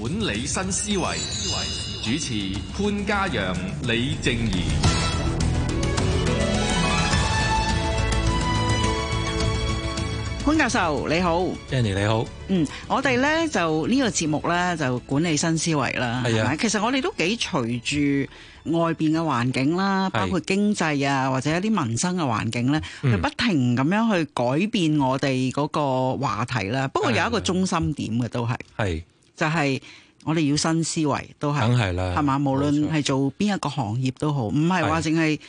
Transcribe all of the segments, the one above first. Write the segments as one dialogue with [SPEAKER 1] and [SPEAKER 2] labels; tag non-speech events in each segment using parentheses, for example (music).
[SPEAKER 1] 管理新思維,主持潘嘉陽,李靜宜.
[SPEAKER 2] 潘教授,你好. Jenny, 你好.嗯,我哋呢,就,呢個節目呢,就,管理新思維啦.係啊,其實我哋都幾隨住外邊嘅環境,包括經濟呀,或者一啲民生的環境,佢不停咁樣去改變我哋嗰個話題啦,就係我哋要新思維，都
[SPEAKER 1] 係，梗係啦，係嘛？
[SPEAKER 2] 吧無論係做邊一個行業都好，唔係話淨係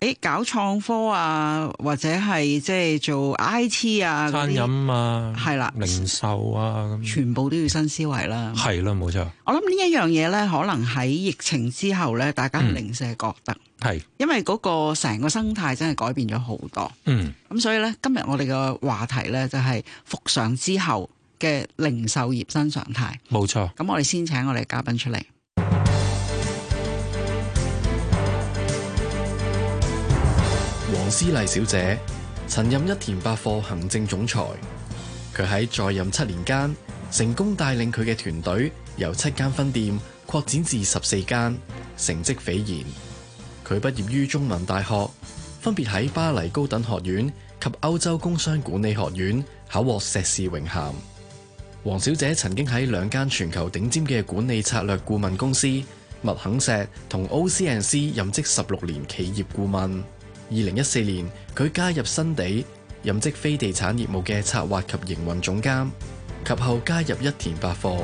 [SPEAKER 2] 誒搞創科啊，或者係即係做 I T 啊、餐飲啊、係些啦、零售啊，全部都要新思維啦。係
[SPEAKER 1] 啦，冇錯。
[SPEAKER 2] 我諗呢一樣嘢咧，可能喺疫情之後咧，大家零舍覺得係，嗯、因為嗰個成個生態真係改變咗好多。嗯，咁所以咧，今日我哋嘅話題咧，就係復常之後嘅零售業新常態，冇錯。咁我哋先請我哋嘉賓出嚟。
[SPEAKER 3] 黃思麗小姐曾任一田百貨行政總裁，佢喺在在任七年間，成功帶領佢嘅團隊由七間分店擴展至十四間，成績斐然。佢畢業於中文大學，分別喺巴黎高等學院及歐洲工商管理學院考獲碩士榮銜。黃小姐曾經喺兩間全球頂尖嘅管理策略顧問公司麥肯錫同 OCNC 任職十六年企業顧問。二零一四年佢加入新地，任職非地產業務嘅策劃及營運總監，及後加入一田百貨。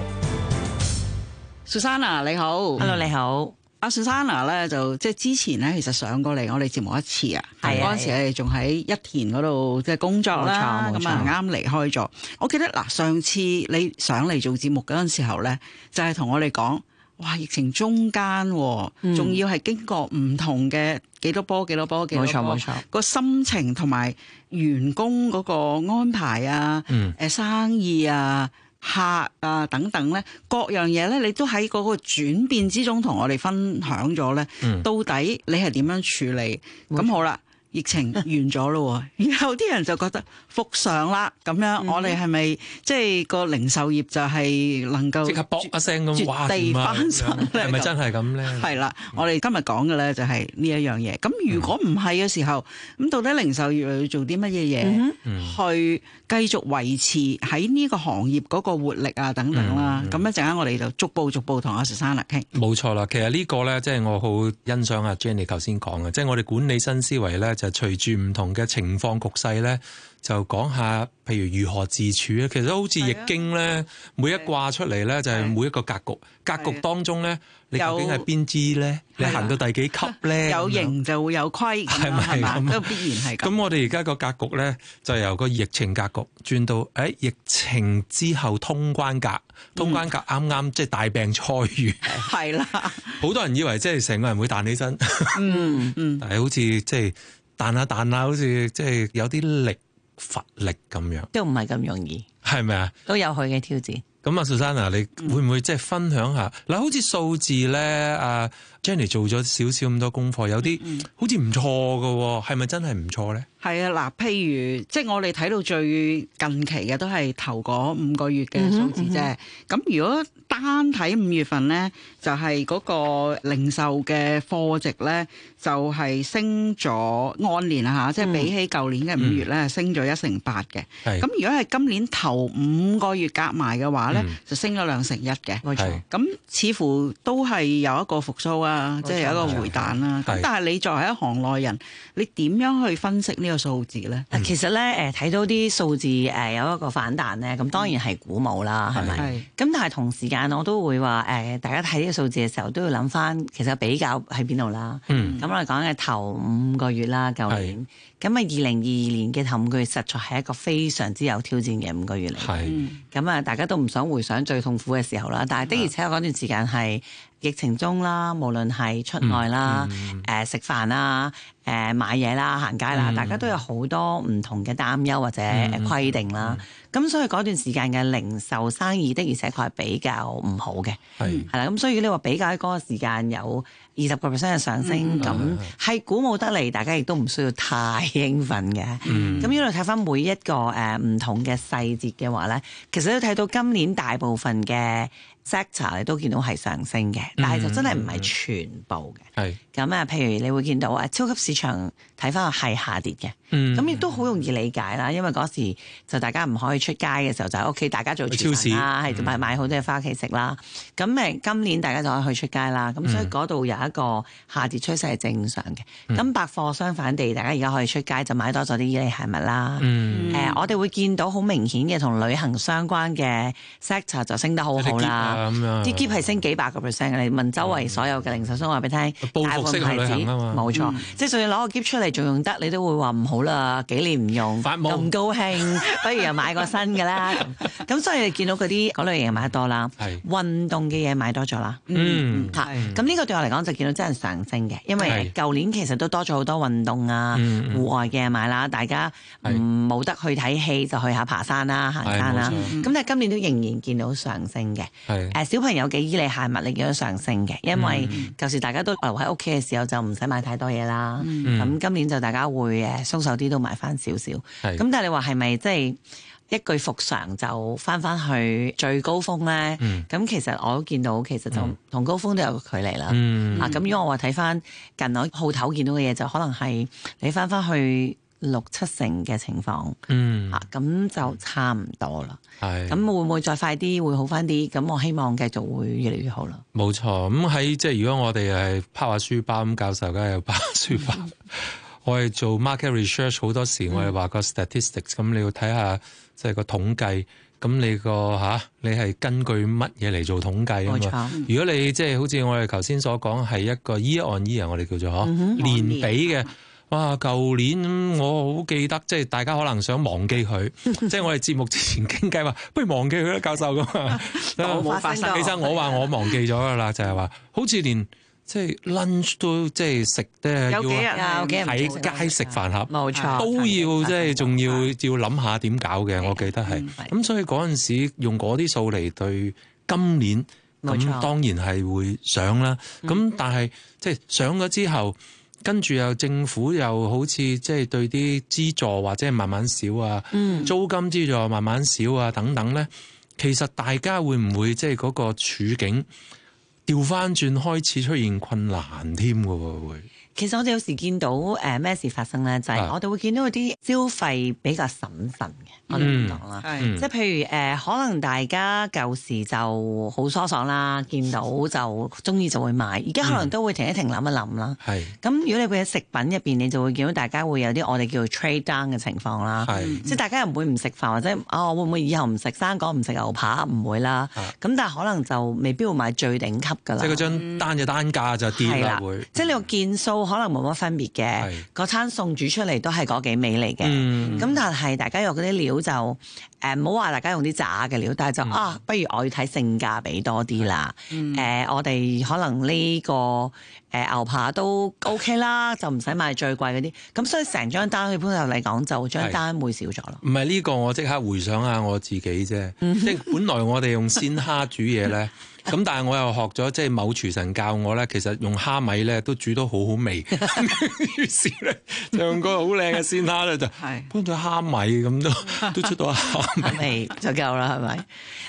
[SPEAKER 2] Susana，你好，Hello 你好。阿 Susanna 啊咧就即係之前咧，其實上過嚟我哋節目一次啊，嗰陣是的 時我哋仲喺一田嗰度即係工作啦，咁啊啱離開咗。我記得嗱，上次你上嚟做節目嗰陣時候咧，就係、是、同我哋講，哇，疫情中間、啊，仲、嗯、要係經過唔同嘅幾多波、幾多波、幾多波，冇錯，冇錯，個心情同埋員工嗰個安排啊，誒、啊，生意、嗯、啊。客啊等等咧，各樣嘢咧，你都喺嗰個轉變之中同我哋分享咗咧。嗯、到底你係點樣處理？咁、嗯、好啦。疫情完咗咯，然後啲人就覺得復常啦，咁樣我哋係咪即係個零售業就係能夠即刻搏一聲咁絕地翻身，
[SPEAKER 1] 係咪真係咁咧？
[SPEAKER 2] 係啦，我哋今日講嘅咧就係呢一樣嘢。咁如果唔係嘅時候，咁到底零售業要做啲乜嘢嘢去繼續維持喺呢個行業嗰個活力啊等等啦？咁一陣間我哋就逐步逐步同阿佘生啦傾，
[SPEAKER 1] 冇錯啦，其實呢個咧即係我好欣賞阿 Jenny 頭先講嘅，即係我哋管理新思維咧。就隨住唔同嘅情況局勢咧。就講下，譬如如何自處咧。其實好似易經咧，啊、每一卦出嚟咧，啊、就係每一個格局。啊、格局當中咧，你究竟係邊支咧？啊、你行到第幾級
[SPEAKER 2] 咧、啊？有型就會有規，係咪啊？都吧吧必然係
[SPEAKER 1] 咁。咁我哋而家個格局咧，就係、由個疫情格局轉到，誒、哎、疫情之後通關格，通關格啱啱即係大病初愈。係啦、嗯。好 (laughs) 多人以為即係成個人會彈起身、嗯。嗯嗯。但係好似即係彈下、啊、彈下、啊，好似即係有啲力。發力咁樣，都唔係咁容易，係咪啊？
[SPEAKER 4] 都有佢嘅挑戰。
[SPEAKER 1] 咁、嗯、啊，蘇珊娜啊，你會唔會即係分享下嗱？好似數字咧，阿 Jenny 做咗少少咁多功課，有啲好似唔錯嘅，係咪真係唔錯咧？
[SPEAKER 2] 係、嗯、啊，嗱，譬如即係我哋睇到最近期嘅都係頭嗰五個月嘅數字啫。咁、嗯嗯、如果單睇五月份咧，就係嗰個零售嘅貨值咧，就係升咗按年啊嚇，即係比起舊年嘅五月咧，升咗一成八嘅。咁如果係今年頭五個月夾埋嘅話咧，就升咗兩成一嘅。冇錯。咁似乎都係有一個復甦啊，即係有一個回彈啦。咁但係你作為一行內人，你點樣去分析呢個數字咧？
[SPEAKER 4] 其實咧，誒睇到啲數字誒有一個反彈咧，咁當然係鼓舞啦，係咪？咁但係同時間，但我都會話誒，大家睇呢啲數字嘅時候都要諗翻，其實比較喺邊度啦。嗯，咁我哋講緊頭五個月啦，舊是年，咁啊二零二二年嘅頭五個月實在係一個非常之有挑戰嘅五個月嚟。係是，咁啊，大家都唔想回想最痛苦嘅時候啦。但係的而且確嗰段時間係。疫情中啦，無論係出外啦、誒食、嗯嗯呃、飯啦、誒、呃、買嘢啦、行街啦，嗯、大家都有好多唔同嘅擔憂或者規定啦。咁、嗯嗯嗯、所以嗰段時間嘅零售生意的而且確係比較唔好嘅。係係啦，咁所以你話比較喺嗰個時間有二十個 percent 嘅上升，咁係、嗯嗯嗯、鼓舞得嚟，大家亦都唔需要太興奮嘅。咁、嗯嗯、如果睇翻每一個誒唔同嘅細節嘅話咧，其實都睇到今年大部分嘅 sector 你都見到係上升嘅，但係就真係唔係全部嘅。嗯嗯係咁啊！譬如你會見到啊，超級市場睇翻係下跌嘅，咁亦都好容易理解啦。因為嗰時就大家唔可以出街嘅時候，就喺屋企大家做超市，啦，係買買好多嘢翻屋企食啦。咁誒，今年大家就可以去出街啦。咁、嗯、所以嗰度有一個下跌趨勢係正常嘅。咁百、嗯、貨相反地，大家而家可以出街，就買多咗啲依啲係物啦。誒、嗯呃，我哋會見到好明顯嘅同旅行相關嘅 sector 就升得好好啦。啲 g e e p 係升幾百個 percent。嗯嗯、你問周圍所有嘅零售商話俾你聽。嗯報復式牌子，冇錯，即係仲要攞個喼出嚟仲用得，你都會話唔好啦。幾年唔用，咁唔高興，不如又買個新嘅啦。咁所以你見到嗰啲嗰類型買得多啦，運動嘅嘢買多咗啦。嗯，咁呢個對我嚟講就見到真係上升嘅，因為舊年其實都多咗好多運動啊，戶外嘅買啦，大家冇得去睇戲就去下爬山啦、行山啦。咁但係今年都仍然見到上升嘅。係，小朋友嘅衣履鞋物力見到上升嘅，因為就是大家都。喺屋企嘅時候就唔使買太多嘢啦，咁、嗯、今年就大家會誒鬆手啲，都買翻少少。咁但係你話係咪即係一句復常就翻翻去最高峰咧？咁、嗯、其實我都見到其實就同高峰都有個距離啦。嗱、嗯，咁如果我話睇翻近我鋪頭見到嘅嘢，就可能係你翻翻去。六七成嘅情況，嚇咁、嗯啊、就差唔多啦。咁是會唔會再快啲，會好翻啲？咁我希望繼續會越嚟越好啦。
[SPEAKER 1] 冇錯，咁喺即係如果我哋係拋下書包，咁教授梗係有拋書包。嗯、我係做 market research，好多時我係話個 statistics，咁、嗯、你要睇下即係個統計。咁你個嚇、啊，你係根據乜嘢嚟做統計啊？錯嗯、如果你即係、就是、好似我哋頭先所講係一個 year on year 我哋叫做嚇、嗯、哼年比嘅。嗯 (laughs) 哇！舊年我好記得，即係大家可能想忘記佢，即係我哋節目之前傾偈話，不如忘記佢啦，教授咁啊！冇發生，其實我話我忘記咗噶啦，就係話好似連即係 lunch 都即係食，即係要喺街食飯盒，冇錯，都要即係仲要要諗下點搞嘅，我記得係。咁所以嗰陣時用嗰啲數嚟對今年，咁當然係會上啦。咁但係即係上咗之後。跟住又政府又好似即係對啲資助或者係慢慢少啊，嗯、租金資助慢慢少啊等等咧，其實大家會唔會即係嗰個處境調翻轉開始出現困難添嘅會，會？其實我哋有時見到誒咩事發生咧，就係我哋會見到啲消費
[SPEAKER 4] 比較審慎嘅，我哋咁講啦，即係譬如誒，可能大家舊時就好疏爽啦，見到就中意就會買，而家可能都會停一停諗一諗啦。咁，如果你會喺食品入邊，你就會見到大家會有啲我哋叫做 trade down 嘅情況啦。即係大家又唔會唔食飯，或者啊會唔會以後唔食生果、唔食牛扒？唔會啦。咁但係可能就未必會買最頂級㗎啦。即係
[SPEAKER 1] 嗰張單嘅單價就跌啦，即
[SPEAKER 4] 係你個件數。可能冇乜分別嘅，嗰餐餸煮出嚟都係嗰幾味嚟嘅。咁、嗯、但係大、呃、大家用嗰啲料就誒，唔好話大家用啲渣嘅料，但係就、嗯、啊，不如我要睇性價比多啲啦。誒、嗯呃，我哋可能呢、呢個誒、呃、牛扒都 OK 啦，就唔使買最貴嗰啲。咁所以成張單，一般嚟講就張單會少咗咯。
[SPEAKER 1] 唔係呢個，我即刻回想下我自己啫。即係本來我哋用鮮蝦煮嘢咧。是咁 (laughs) 但係我又學咗即係某廚神教我咧，其實用蝦米咧都煮到好好味， (laughs) 於是咧就用個好靚嘅鮮 (laughs) 蝦啦， (laughs) 就搬對蝦米咁都都出到蝦味就夠啦，係咪？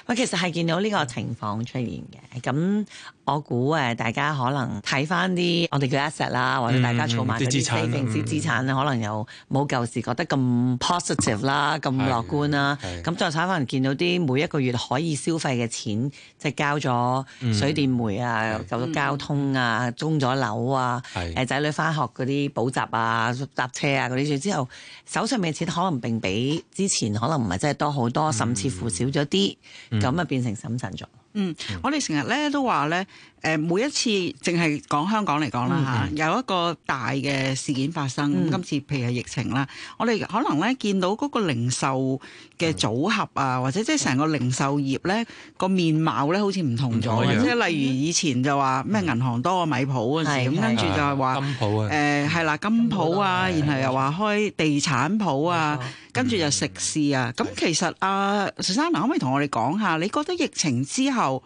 [SPEAKER 4] 喂， (laughs) (laughs) 其實係見到呢個情況出現嘅，咁。我估誒，大家可能睇翻啲我哋叫 asset 啦，或者大家儲埋嗰啲平資資產咧，嗯嗯產嗯、可能又冇舊時覺得咁 positive 啦、嗯，咁樂觀啦。咁再可能見到啲每一個月可以消費嘅錢，即係交咗水電煤啊，交咗交通啊，供咗樓啊，誒仔女翻學嗰啲補習啊、搭車啊嗰啲，之後手上面嘅錢可能並比之前可能唔係真係多好多，甚至乎少咗啲，咁啊、嗯嗯嗯嗯嗯嗯嗯、變成審慎
[SPEAKER 2] 咗。嗯，我哋成日咧都話咧。誒，每一次淨係講香港嚟講啦嚇，有一個大嘅事件發生。嗯、今次譬如係疫情啦，我哋可能咧見到嗰個零售嘅組合啊，或者即係成個零售業咧個面貌咧好似唔同咗。即係例如以前就話咩銀行多過米鋪嗰陣時，咁跟住就係話金鋪啊，誒係啦金鋪啊，然後又話開地產鋪啊，嗯、跟住就食肆啊。咁、嗯嗯、其實啊，Susanna，可唔可以同我哋講下，你覺得疫情之後？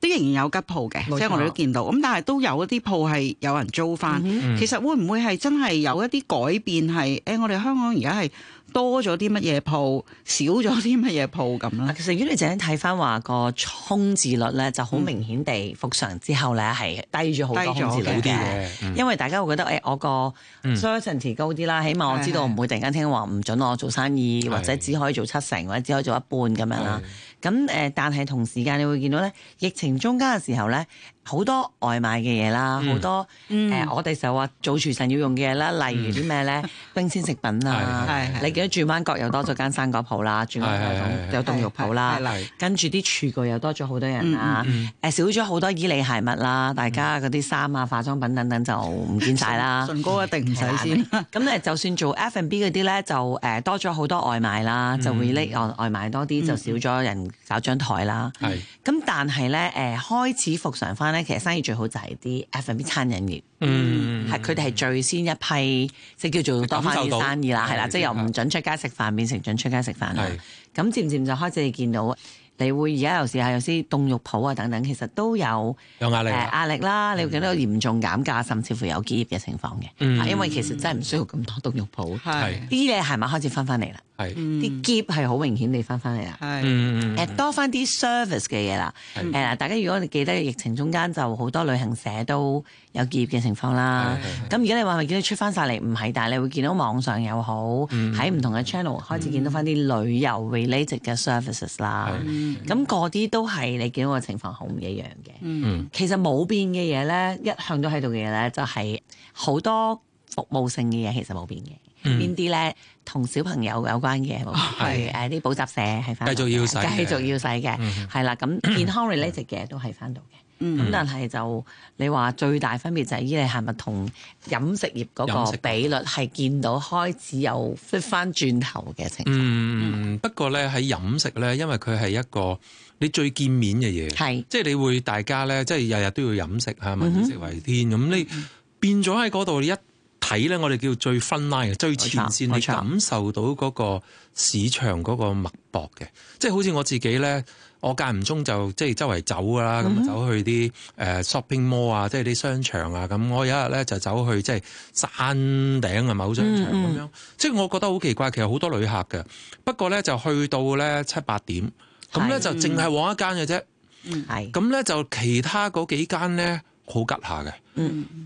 [SPEAKER 2] 都仍然有吉鋪嘅，錯即係我哋都見到。咁但係都有一啲鋪係有人租翻。嗯、哼其實會唔會係真係有一啲改變係？誒、嗯哎，我哋香港而家係多咗啲乜嘢鋪，少咗啲乜嘢鋪咁啦？其實，如果你仔睇翻話個空
[SPEAKER 4] 置率咧，就好明顯地、嗯、復常之後咧係低咗好多空置率嘅。嗯、因為大家會覺得誒、哎，我個 certainty 高啲啦，嗯、起碼我知道唔會突然間聽話唔準我做生意，的或者只可以做七成，或者只可以做一半咁樣啦。的咁誒，但係同時間你會見到咧，疫情中間嘅時候咧，好多外賣嘅嘢啦，好多誒，我哋就話做廚神要用嘅嘢啦，例如啲咩咧，冰鮮食品啊，你見到轉彎角又多咗間生果鋪啦，轉個又有有凍肉鋪啦，跟住啲廚具又多咗好多人啦，誒少咗好多衣類鞋物啦，大家嗰啲衫啊、化妝品等等就唔見晒啦。唇膏一定唔使先啦。咁咧，就算做 F&B 嗰啲咧，就誒多咗好多外賣啦，就會匿外外賣多啲，就少咗人。搞張台啦，係咁是，但係咧，誒、呃，開始復常翻咧，其實生意最好就係啲 F&B 餐飲業，係佢哋係最先一批，即、就、係、是、叫做多翻啲生意啦，係啦，了確即係由唔准出街食飯變成准出街食飯，咁漸漸就開始你見到，你會而家有試下有啲凍肉鋪啊等等，其實都有有壓力壓、啊呃、力啦，你會見到嚴重減價，甚至乎有結業嘅情況嘅、嗯嗯，因為其實真係唔需要咁多凍肉鋪，係啲嘢係咪開始翻翻嚟啦？係，啲攰係好明顯地翻返嚟啦。係是，誒多翻啲 service 嘅嘢啦。誒是，大家如果你記得疫情中間，就好多旅行社都有結業嘅情況啦。咁而家你話見到出翻晒嚟，唔係，但係你會見到網上又好，喺唔、嗯、同嘅 channel 開始見到翻啲旅遊 related 嘅 services 啦。咁嗰啲都係你見到嘅情況，好唔一樣
[SPEAKER 5] 嘅。嗯、
[SPEAKER 4] 其實冇變嘅嘢咧，一向都喺度嘅嘢咧，就係好多服務性嘅嘢，其實冇變嘅。邊啲咧同小朋友有關嘅，係誒啲補習社係翻，繼續要使，繼續要使嘅，係啦。咁健康 related 嘅都係翻到嘅。咁但係就你話最大分別就係呢啲係咪同飲食業嗰個比率係見到開始有翻翻轉頭
[SPEAKER 1] 嘅情況。不過咧喺飲食咧，因為佢係一個你最見面嘅嘢，係即係你會大家咧，即係日日都要飲食吓，民以食為天咁。你變咗喺嗰度，你一睇咧，我哋叫最 front line 嘅，最前線，錯你感受到嗰個市場嗰個脈搏嘅，即係好似我自己咧，我間唔中就即係周圍走啦，咁、嗯、哼走去啲誒、呃、shopping mall 啊，即係啲商場啊，咁我有一日咧就走去即係山頂嘅某商場咁、嗯嗯、樣，即係我覺得好奇怪，其實好多旅客嘅，不過咧就去到咧七八點，咁咧是就淨係往一間嘅啫，咁咧、嗯、就其他嗰幾間咧。好吉下嘅，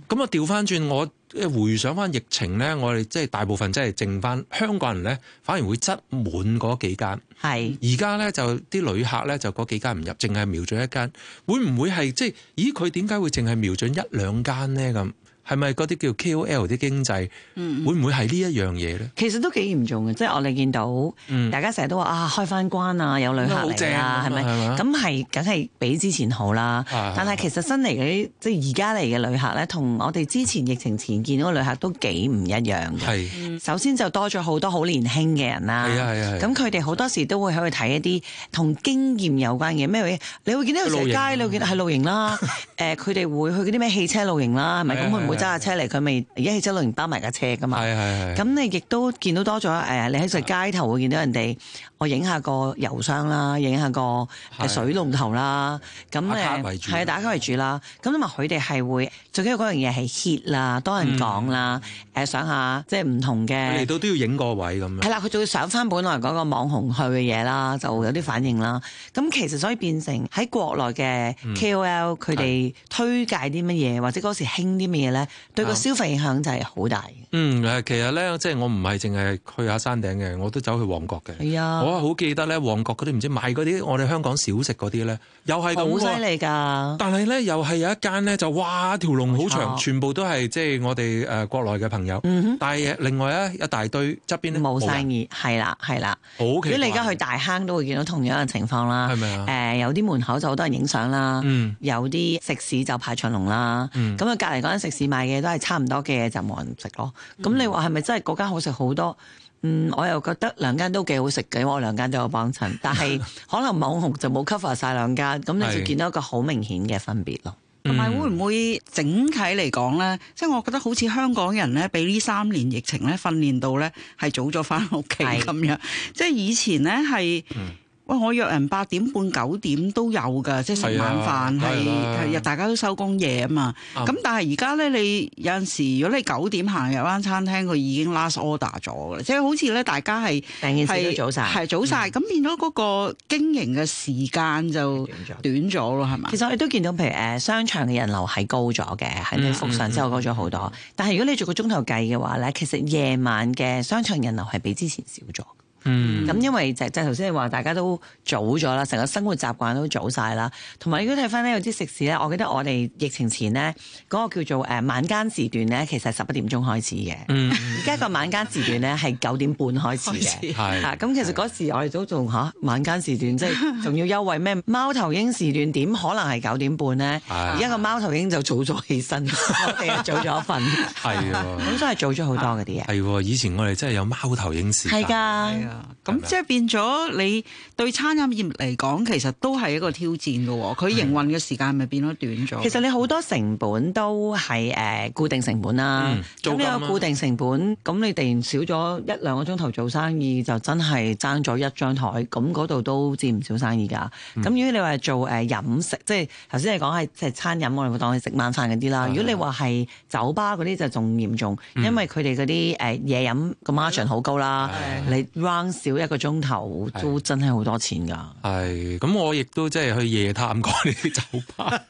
[SPEAKER 1] 咁啊調翻轉，我回想翻疫情咧，我哋即係大部分即係剩翻香港人咧，反而會擠滿嗰幾間。係而家咧就啲旅客咧就嗰幾間唔入，淨係瞄準一間，會唔會係即係？咦，佢點解會淨係瞄準一兩間咧？咁？係咪嗰啲叫 KOL 啲經濟？嗯，會唔會係呢一樣嘢咧？
[SPEAKER 4] 其實都幾嚴重嘅，即係我哋見到，大家成日都話啊，開翻關啊，有旅客嚟啦，係咪？咁係，梗係比之前好啦。但係其實新嚟嗰啲，即係而家嚟嘅旅客咧，同我哋之前疫情前見到嘅旅客都幾唔一樣嘅。首先就多咗好多好年輕嘅人啦。係啊係啊，咁佢哋好多時都會喺度睇一啲同經驗有關嘅咩？你會見到路街，你會見到係露營啦。誒，佢哋會去嗰啲咩汽車露營啦，係咪咁佢會？揸架車嚟，佢未一氣六車裏邊包埋架車㗎嘛？係係係。咁你亦都見到多咗誒，係係你喺個街頭會見到人哋，我影下個郵箱啦，影下個水龍頭啦。咁誒的，係啊那，打卡為主啦。咁因為佢哋係會最緊要嗰樣嘢係 hit 啦，多人講啦。誒、嗯，想下即係唔同嘅嚟到
[SPEAKER 1] 都要影個位咁樣。
[SPEAKER 4] 係啦，佢仲要上翻本來嗰個網紅去嘅嘢啦，就有啲反應啦。咁其實所以變成喺國內嘅 KOL，佢哋推介啲乜嘢，或者嗰時興啲乜嘢咧？對個消費影響就係好大。
[SPEAKER 1] 嗯，其實咧，即係我唔係淨係去下山頂嘅，我都走去旺角嘅。係啊，我好記得咧，旺角嗰啲唔知買嗰啲我哋香港小食嗰啲咧，又係好犀利㗎！但係咧，又係有一間咧，就哇條龍好長，全部都係即係我哋誒國內嘅朋友。但係另外咧，一大堆側邊冇生意，係啦係啦。你而家
[SPEAKER 4] 去大坑都會見到同樣嘅情況啦。係咪啊？誒，有啲門口就好多人影相啦。有啲食肆就排長龍啦。咁啊，隔離嗰間食肆。賣嘅都係差唔多嘅嘢，就冇人食咯。咁、嗯、你話係咪真係嗰間好食好多？嗯，我又覺得兩間都幾好食嘅，我兩間都有幫襯，但係可能網紅就冇 cover 晒兩間，咁 (laughs) 你就見
[SPEAKER 2] 到一個好明顯嘅分別咯。同埋是會唔會整體嚟講呢？即、就、係、是、我覺得好似香港人呢，俾呢三年疫情咧訓練到呢，係早咗翻屋企咁樣，是即係以前呢，係、嗯。喂，我約人八點半九點都有噶，即係食晚飯，係係大家都收工夜啊嘛。咁、嗯、但係而家咧，你有陣時如果你九點行入間餐廳，佢已經 last order 咗喇，即係好似咧大家係係係早晒。咁、嗯、變咗嗰個經營嘅時間就短咗咯，係咪、嗯？吧其實我哋都見到，譬如誒商場嘅人流係高咗嘅，喺復常之後高咗好多。
[SPEAKER 4] 嗯嗯，但係如果你做個鐘頭計嘅話咧，其實夜晚嘅商場人流係比之前少咗。嗯，咁因為就就頭先話大家都早咗啦，成個生活習慣都早晒啦。同埋你如果睇翻呢有啲食肆咧，我記得我哋疫情前呢嗰、那個叫做誒、呃、晚間時段咧，其實十一點鐘開始嘅。嗯，而家個晚間時段咧係九點半開始嘅。咁、啊、其實嗰時我哋都仲吓晚間時段，即係仲要優惠咩？貓頭鷹時段點可能係九點半呢？而家、哎、個貓頭鷹就早咗起身，我哋早咗瞓。
[SPEAKER 1] 係啊，咁都係
[SPEAKER 2] 早
[SPEAKER 4] 咗好多
[SPEAKER 1] 嗰啲嘢。係喎，以前我哋真係有貓頭鷹時段。係。
[SPEAKER 2] 咁即係變咗，你對餐飲業嚟講，其實都係一個挑戰噶喎。佢營運嘅時間咪變咗短咗。嗯。其實
[SPEAKER 4] 你好多成本都係誒、呃、固定成本啦。租金，咁、嗯嗯、你有固定成本，咁你突然少咗一兩個鐘頭做生意，就真係爭咗一張台。咁嗰度都佔唔少生意噶。咁、嗯嗯嗯、如果你話做誒飲食，即係頭先你講係即係餐飲我哋會當你食晚飯嗰啲啦。嗯、如果你話係酒吧嗰啲，就仲嚴重，嗯、因為佢哋嗰啲誒夜飲個 margin 好高啦，你少一個鐘頭都真係好多錢㗎，
[SPEAKER 1] 係。咁我亦都即係去夜探過呢啲酒吧，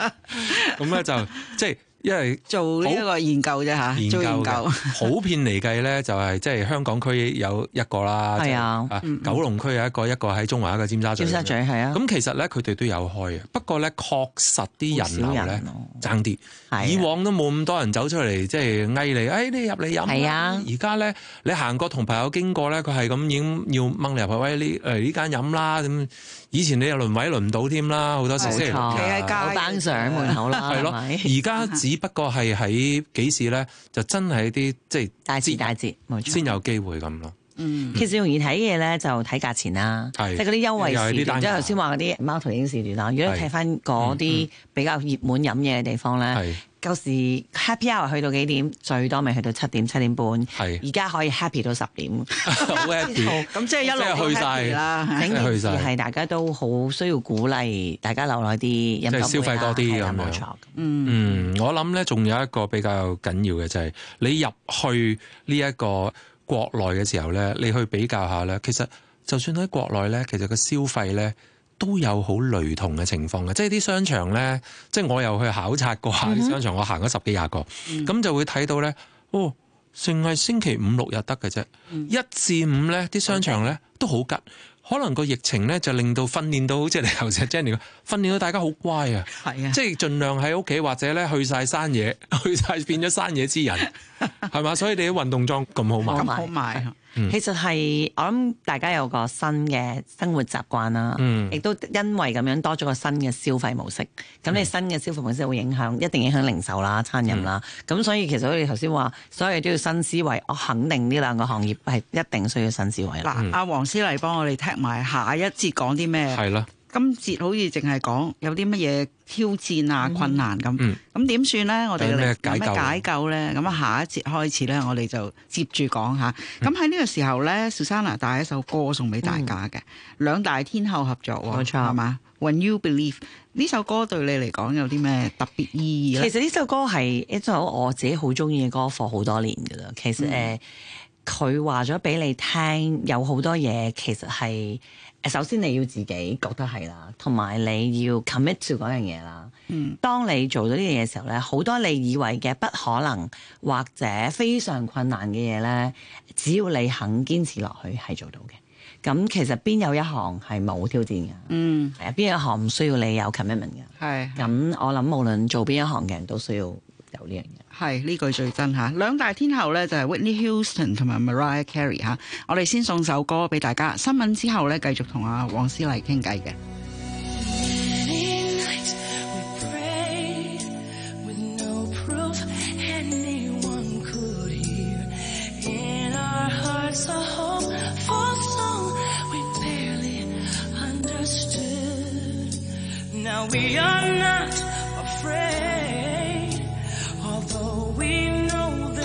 [SPEAKER 1] 咁咧 (laughs) (laughs) 就即係。就是因為做呢一個研究啫
[SPEAKER 4] 吓，研究普
[SPEAKER 1] 遍嚟計咧，就係即係香港區有一個啦，係啊，九龍區有一個， (laughs) 一個喺 (laughs) 中環，一個尖沙咀。尖沙咀係啊。咁其實咧，佢哋都有開嘅，不過咧，確實啲人流咧爭啲，啊、以往都冇咁多人走出嚟，即係嗌你，哎你入嚟飲。係啊。而家咧，你行過同朋友經過咧，佢係咁已經要掹你入去喂，呢誒呢間飲啦。咁以前你又輪位輪唔到添啦，好多時。錯錯。企喺交燈上門口啦，係咯，而家只。不過係喺幾時咧，就真係啲即係大節大節，先有機會咁咯。嗯，嗯其實容易睇
[SPEAKER 4] 嘅咧就睇價錢啦、啊，是即係嗰啲優惠時段。即頭先先話嗰啲貓頭鷹時段啊，如果你睇翻嗰啲比較熱門飲嘢嘅地方咧。舊時 happy hour 去到幾點？最多咪去到七點七點半。係而家可以 happy 到十點。 (laughs) happy (laughs) 好，咁即係一路都 happy 啦。去整件事係大家都好需要鼓勵，大家留耐啲，
[SPEAKER 1] 即係消費多啲咁樣。嗯，我諗咧，仲有一個比較緊要嘅就係、是、你入去呢一個國內嘅時候咧，你去比較下咧，其實就算喺國內咧，其實個消費咧。都有好雷同嘅情況嘅，即係啲商場咧，即係我又去考察過下啲、mm hmm. 商場，我行咗十幾廿個，咁、mm hmm. 就會睇到咧，哦，淨係星期五六日得嘅啫，mm hmm. 一至五咧啲商場咧 Okay. 都好吉，可能個疫情咧就令到訓練到，好似你頭先 Jenny 講，訓練到大家好乖啊，係啊 (laughs) 的，即係儘量喺屋企或者咧去晒山野，去晒變咗山野之人。 (laughs) 係嘛？ (laughs) (laughs) 所以你啲運動裝咁好賣，咁好賣。其
[SPEAKER 4] 實係我諗大家有個新嘅生活習慣啦，亦、嗯、都因為咁樣多咗個新嘅消費模式。咁你新嘅消費模式會影響，一定影響零售啦、餐飲啦。咁、嗯、所以其實我哋頭先話，所有都要新思維。我肯定呢兩個行業係一定需要新思維啦嗱，阿
[SPEAKER 2] 黃、嗯啊、思麗幫我哋踢埋下一節講啲咩？係啦。今節好似淨係講有啲乜嘢挑戰啊、困難咁，咁點算呢？我哋解解救呢。咁下一節開始呢，我哋就接住講下。咁喺呢個時候呢、嗯、Susanna 帶一首歌送俾大家嘅，兩大天后合作，係嘛？冇錯。When you believe 呢首歌對你嚟講有啲咩特別意義咧？其實呢首歌係一首我自己好中意嘅
[SPEAKER 4] 歌，放好多年噶啦。其實誒，佢話咗俾你聽，有好多嘢其實係。首先你要自己覺得係啦，同埋你要 commit to 嗰樣嘢啦。嗯，當你做咗呢樣嘢時候咧，好多你以為嘅不可能或者非常困難嘅嘢咧，只要你肯堅持落去係做到嘅。咁其實邊有一行係冇挑戰嘅？嗯，係啊，邊一行唔需要你有 commitment
[SPEAKER 2] 嘅？係咁、嗯、我諗無論做邊一行嘅人都需要有呢樣嘢。係呢句最真嚇，兩大天後咧就係 Whitney Houston 同埋 Mariah Carey 嚇，我哋先送首歌俾大家，新聞之後咧繼續同阿黃思麗傾偈嘅。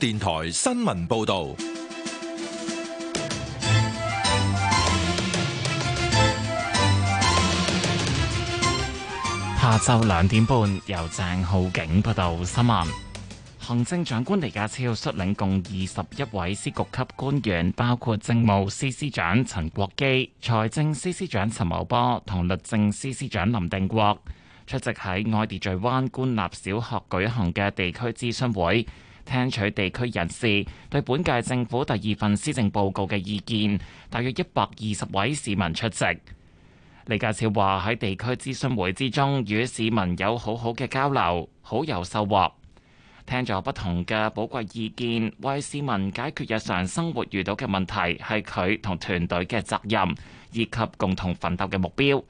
[SPEAKER 1] 電台新聞報
[SPEAKER 3] 道，下晝兩點半由鄭浩景報道新聞。行政長官李家超率領共二十一位司局級官員，包括政務司司長陳國基、財政司司長陳茂波同律政司司長林定國，出席喺愛秩序灣官立小學舉行嘅地區諮詢會。聽取地區人士對本屆政府第二份施政報告嘅意見，大約一百二十位市民出席。李家超話喺地區諮詢會之中，與市民有好好嘅交流，好有收穫，聽咗不同嘅寶貴意見，為市民解決日常生活遇到嘅問題，係佢同團隊嘅責任，以及共同奮鬥嘅目標。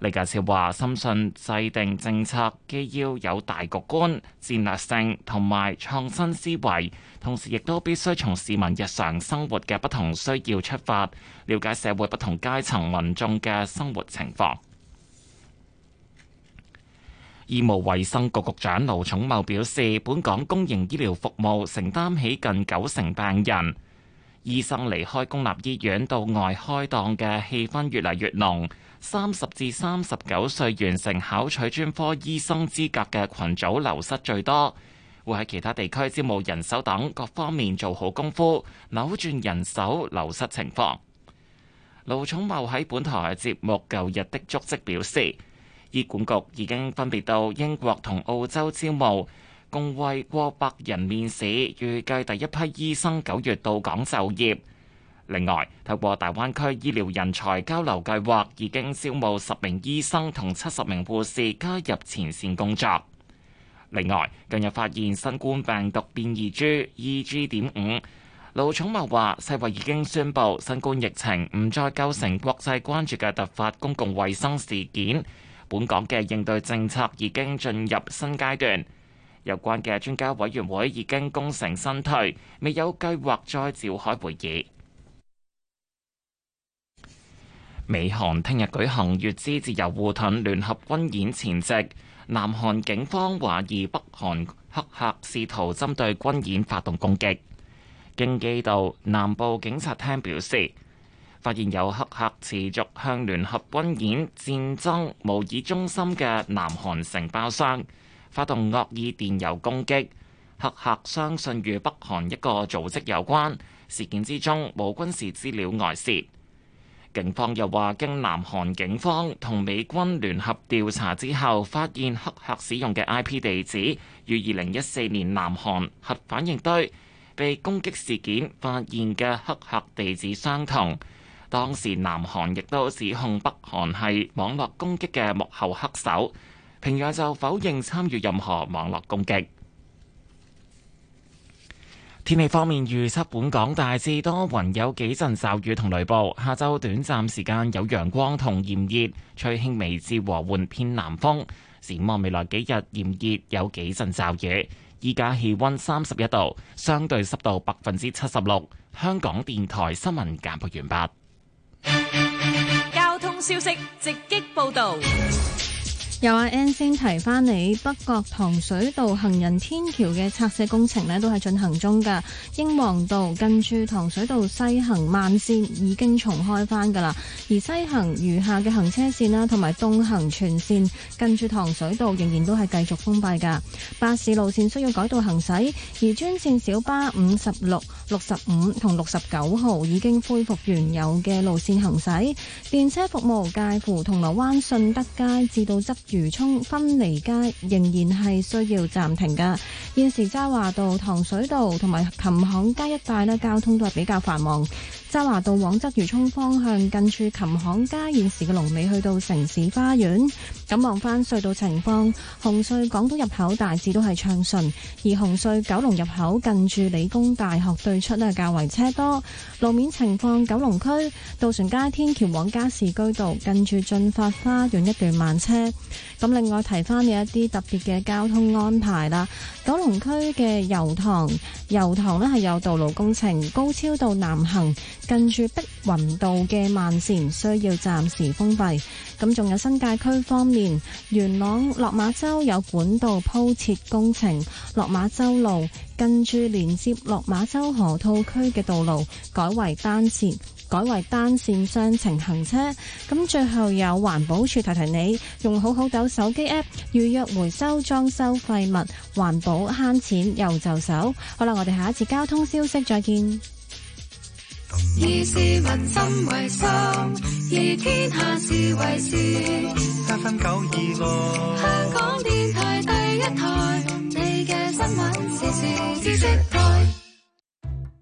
[SPEAKER 3] 李家超話：深信制定政策既要有大局觀、戰略性同埋創新思維，同時亦都必須從市民日常生活嘅不同需要出發，了解社會不同階層民眾嘅生活情況。醫務衛生局局長盧寵茂表示，本港公營醫療服務承擔起近近九成病人，醫生離開公立醫院到外開檔嘅氣氛越嚟越濃。三十至三十九歲完成考取專科醫生資格嘅羣組流失最多，會喺其他地區招募人手等各方面做好功夫，扭轉人手流失情況。盧寵茂喺本台節目舊日的足跡表示，醫管局已經分別到英國同澳洲招募，共為過百人面試，預計第一批醫生九月到港就業。另外，透過大灣區醫療人才交流計劃，已經招募十名醫生同七十名護士加入前線工作。另外，近日發現新冠病毒變異株 E.G. 點五。盧寵茂話：世衞已經宣布，新冠疫情唔再構成國際關注嘅突發公共衛生事件。本港嘅應對政策已經進入新階段。有關嘅專家委員會已經功成身退，未有計劃再召開會議。美韓聽日舉行乙支自由護盾聯合軍演前夕，南韓警方懷疑北韓黑客試圖針對軍演發動攻擊。京畿道南部警察廳表示，發現有黑客持續向聯合軍演戰爭模擬中心嘅南韓承包商發動惡意電郵攻擊。黑客相信與北韓一個組織有關。事件之中冇軍事資料外泄。警方又話，經南韓警方同美軍聯合調查之後，發現黑客使用嘅 IP 地址與二零一四年南韓核反應堆被攻擊事件發現嘅黑客地址相同。當時南韓亦都指控北韓係網絡攻擊嘅幕後黑手，平壤就否認參與任何網絡攻擊。天氣方面預測，預測本港大致多雲，有幾陣驟雨同雷暴。下晝短暫時間有陽光同炎熱，吹輕微至和緩偏南風。展望未來幾日炎熱，有幾陣驟雨。依家氣溫三十一度，相對濕度百分之七十六。香港電台新聞簡報完畢。
[SPEAKER 4] 交通消息直擊報道。
[SPEAKER 6] 由阿 N 先提翻你，北角糖水道行人天橋嘅拆卸工程呢都係進行中噶。英皇道近處糖水道西行慢線已經重開返噶啦，而西行餘下嘅行車線啦，同埋東行全線近處糖水道仍然都係繼續封閉噶。巴士路線需要改道行駛，而專線小巴五十六、六十五同六十九號已經恢復原有嘅路線行駛。電車服務介乎銅鑼灣信德街至到側愉涌分厘街仍然係需要暫停噶，現時渣華道、糖水道同埋琴行街一帶呢，交通都係比較繁忙。渣華道往鰂魚涌方向近住琴行街現時嘅龍尾去到城市花園。咁望翻隧道情況，紅隧港島入口大致都係暢順，而紅隧九龍入口近住理工大學對出呢較為車多。路面情況，九龍區渡船街天橋往加士居道近住進發花園一段慢車。咁另外提翻嘅一啲特別嘅交通安排啦，九龍區嘅油塘，油塘呢係有道路工程，高超道南行近住碧雲道嘅慢綫需要暫時封閉。咁仲有新界區方面，元朗落馬洲有管道鋪設工程，落馬洲路近住連接落馬洲河套區嘅道路改為單綫。改為單線雙程行車，咁最後有環保署提提你，用好好斗手機 app，預約回收裝修廢物，環保慳錢又就手。好啦，我哋下一次交通消息再見。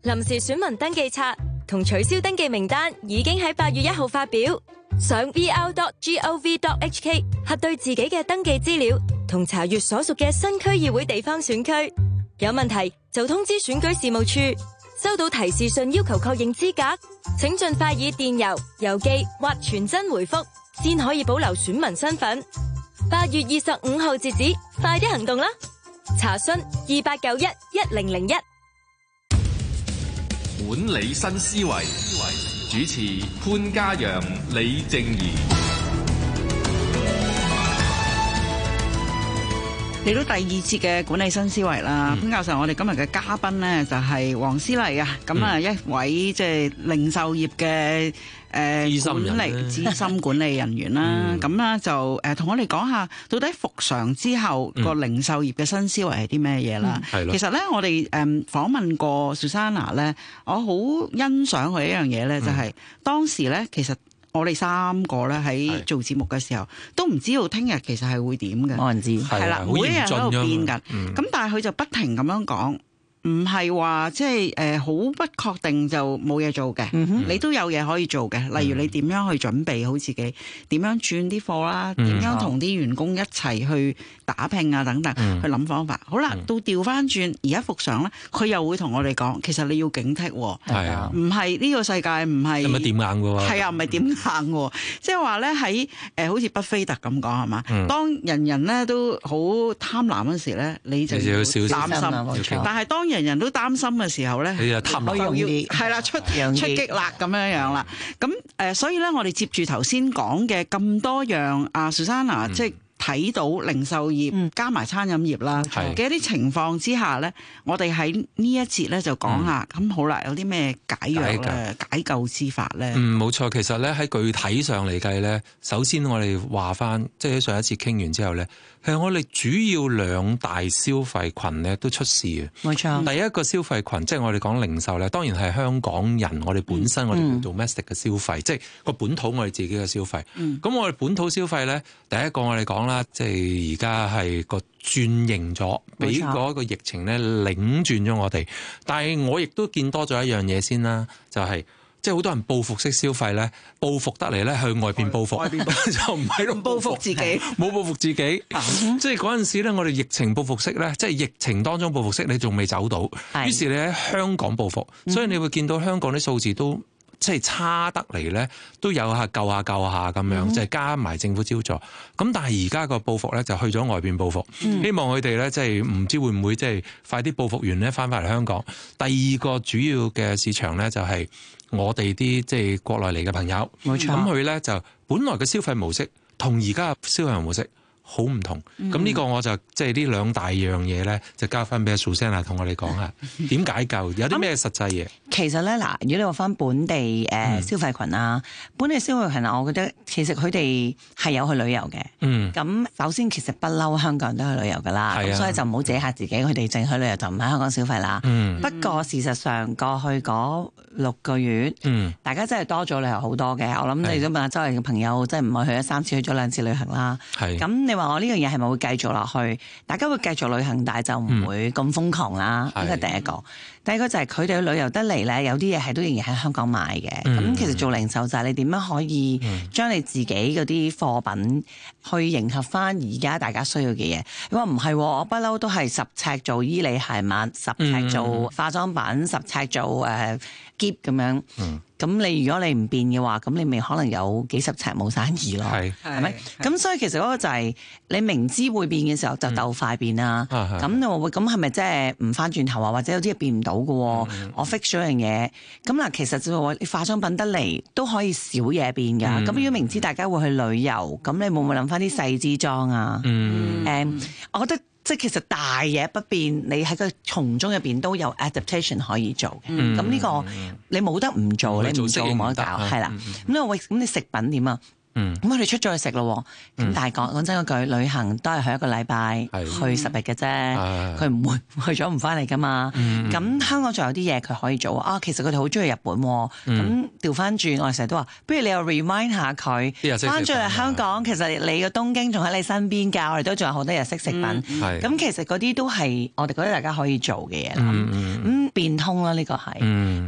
[SPEAKER 6] 臨時選民登記冊。同取消登記名單已經喺八月一號發表，上 vl.gov.hk 核對自己嘅登記資料，同查閱所屬嘅新區議會地方選區。有問題就通知選舉事務處。收到提示信要求確認資格，請盡快以電郵、郵寄或傳真回覆，先可以保留選民身份。八月二十五號截止，快啲行動啦！查詢二八九一一零零一。
[SPEAKER 3] 管理新思維，思維，主持潘嘉陽、李靜宜。
[SPEAKER 2] 嚟到第二節嘅管理新思維啦，潘、嗯、教授，我哋今日嘅嘉賓咧就係、是、黃思麗啊，咁啊、嗯、一位即係、就是、零售業嘅誒管理資深管理人員啦，咁啦、嗯、就誒同、呃、我哋講下到底復常之後個、嗯、零售業嘅新思維係啲咩嘢啦？係、嗯、其實咧我哋誒訪問過 Susanna 咧，我好欣賞佢一樣嘢咧，嗯、就係當時咧其實。我哋三個咧喺做節目嘅時候，是都唔知道聽日其實係會點嘅，冇人知。係啦的，的每一日都變㗎，咁、嗯、但係佢就不停咁樣講。唔係話，即係誒好不確定就冇嘢做嘅，你都有嘢可以做嘅。例如你點樣去準備好自己，點樣轉啲貨啦，點樣同啲員工一齊去打拼啊等等，去諗方法。好啦，到調翻轉而家復常咧，佢又會同我哋講，其實你要警惕喎，係啊，唔係呢個世界唔係點硬嘅喎，係啊，唔係點硬嘅喎，即係話咧喺誒好似巴菲特咁講係嘛，當人人咧都好貪婪嗰時咧，你就小心。但係當人人都擔心嘅時候咧，好容易係啦，出出，出擊啦咁樣樣啦。咁誒、嗯呃，所以咧，我哋接住頭先講嘅咁多樣啊，Susanna，即係睇到零售業、嗯、加埋餐飲業啦嘅一啲情況之下咧，嗯、我哋喺呢一節咧就講下，咁、嗯、好啦，有啲咩解藥嘅解，架解救之法咧？嗯，
[SPEAKER 1] 冇錯，其實咧喺具體上嚟計咧，首先我哋話翻，即、就、係、是、上一次傾完之後咧。係我哋主要兩大消費群咧都出事嘅。冇錯，第一個消費群即係、就是、我哋講零售咧，當然係香港人。我哋本身、嗯、我哋叫做 domestic 嘅消費，即係個本土我哋自己嘅消費。嗯，咁我哋本土消費咧，第一個我哋講啦，即係而家係個轉型咗，俾嗰錯個疫情咧，擰轉咗我哋。但係我亦都見多咗一樣嘢先啦，就係、是。即係好多人報復式消費咧，報復得嚟咧去外邊報復，報復 (laughs) 就唔係咯，
[SPEAKER 7] 唔報復自己，
[SPEAKER 1] 冇 (laughs) 報復自己。 (laughs) 即係嗰陣時咧，我哋疫情報復式咧，即係疫情當中報復式，你仲未走到，是的於是你喺香港報復，嗯、所以你會見到香港啲數字都即係差得嚟咧，都有下救下救下咁樣，即係、嗯、加埋政府資助咁，但係而家個報復咧就去咗外邊報復，嗯、希望佢哋咧即係唔知會唔會即係快啲報復完咧翻返嚟香港。第二個主要嘅市場咧就係、是。我哋啲即係國內嚟嘅朋友，冇錯。咁佢咧就本來嘅消費模式，同而家嘅消費模式。好唔同，咁呢個我就即係呢兩大樣嘢咧，就交翻俾阿 Susanna 啊，同我哋講下點解救，有啲咩實際嘢？
[SPEAKER 4] 其實咧嗱，如果你話翻本地誒消費群啊，本地消費群啊，我覺得其實佢哋係有去旅遊嘅。嗯。咁首先其實不嬲，香港人都去旅遊㗎啦。係啊。咁所以就唔好自己嚇自己，佢哋淨去旅遊就唔喺香港消費啦。不過事實上過去嗰六個月，大家真係多咗旅遊好多嘅。我諗你都想問下周圍嘅朋友，真係唔係去咗三次，去咗兩次旅行啦。係。咁你話？我呢樣嘢係咪會繼續落去？大家會繼續旅行，但係就唔會咁瘋狂啦。呢個、嗯、第一個，是第二個就係佢哋去旅遊得嚟呢，有啲嘢係都仍然喺香港買嘅。咁、嗯、其實做零售就係你點樣可以、嗯、將你自己嗰啲貨品去迎合翻而家大家需要嘅嘢、啊。你話唔係，我不嬲都係十尺做伊麗鞋襪，十尺做化妝品，十尺做誒、呃。嗯咁樣，咁你、嗯、如果你唔變嘅話，咁你咪可能有幾十尺冇生意咯，係咪是？咁，吧所以其實嗰個就係、是、你明知會變嘅時候就鬥快變啦。咁你、嗯啊、會咁係咪即係唔翻轉頭啊？或者有啲嘢變唔到噶，嗯、我 fix 咗樣嘢。咁嗱，其實就是、你化妝品得嚟都可以少嘢變噶。咁、嗯、如果明知大家會去旅遊，咁、嗯、你會唔會諗翻啲細支裝啊？誒、嗯，我覺得。嗯即係其實大嘢不變，你喺個從中入邊都有 adaptation 可以做嘅。咁呢、嗯，個你冇得唔做，做你唔識冇得搞，係啦。咁你喂，咁你食品點啊？咁佢哋出咗去食咯，咁但係講講真嗰句，旅行都係去一個禮拜，去十日嘅啫，佢唔會去咗唔翻嚟噶嘛。咁香港仲有啲嘢佢可以做啊，其實佢哋好中意日本，咁調翻轉我哋成日都話，不如你又 remind 下佢，
[SPEAKER 5] 翻轉嚟香
[SPEAKER 4] 港，其實你嘅東京仲喺你身邊噶，我哋都仲有好多日式食品，咁其實嗰啲都係我哋覺得大家可以做嘅嘢，
[SPEAKER 5] 咁
[SPEAKER 4] 變通啦呢個係，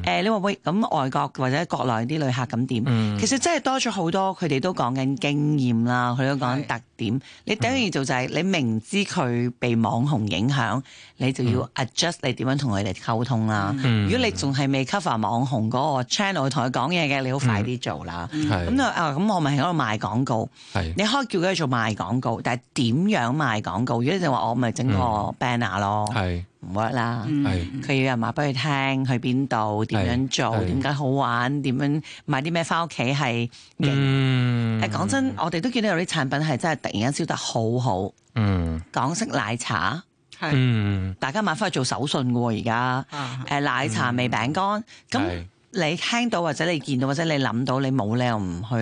[SPEAKER 4] 誒你話喂，咁外國或者國內啲旅客咁點？其實真係多咗好多，佢哋都。講緊經驗啦，佢都講緊特點。是你第二樣嘢做就係、是，嗯、你明知佢被網紅影響，你就要 adjust 你點樣同佢哋溝通啦。嗯、如果你仲係未 cover 網紅嗰個 channel 去同佢講嘢嘅，你好快啲做啦。咁、嗯、啊，咁我咪喺度賣廣告。是你可以叫佢做賣廣告，但係點樣賣廣告？如果你就話我咪整個 banner 咯。嗯唔 work 啦，佢是要人話俾佢聽去邊度，點樣做，點解是好玩，點樣買啲咩翻屋企係，誒講、嗯、真，我哋都見到有啲產品係真係突然間燒得好好，嗯、港式奶茶，
[SPEAKER 5] 係是，
[SPEAKER 4] 大家買翻去做手信噶喎而家，誒、啊、奶茶味餅乾，咁、嗯。那你聽到或者你見到或者你諗到你冇理由唔去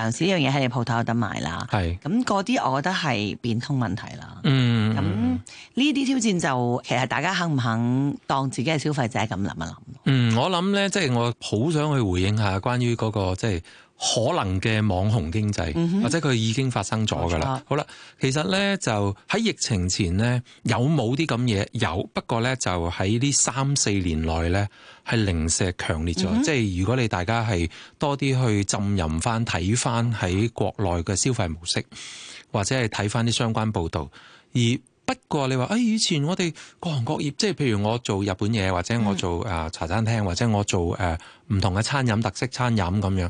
[SPEAKER 4] 嘗試呢樣嘢喺你鋪頭有得賣啦。係咁嗰啲，我覺得係變通問題啦。
[SPEAKER 5] 嗯，咁
[SPEAKER 4] 呢啲挑戰就其實大家肯唔肯當自己係消費者咁諗一諗？嗯，
[SPEAKER 1] 我諗咧，即係我好想去回應下關於嗰個，即係。可能嘅網紅經濟，嗯、哼或者佢已經發生咗㗎啦。嗯、哼好啦，其實呢，就喺疫情前呢，有冇啲咁嘢？有，不過呢，就喺呢三四年內呢，係零舍強烈咗。嗯、哼即係如果你大家係多啲去浸淫翻睇翻喺國內嘅消費模式，或者係睇翻啲相關報導。而不過你話誒、哎，以前我哋各行各業，即係譬如我做日本嘢，或者我做誒茶餐廳，或者我做誒唔同嘅餐飲特色餐飲咁樣。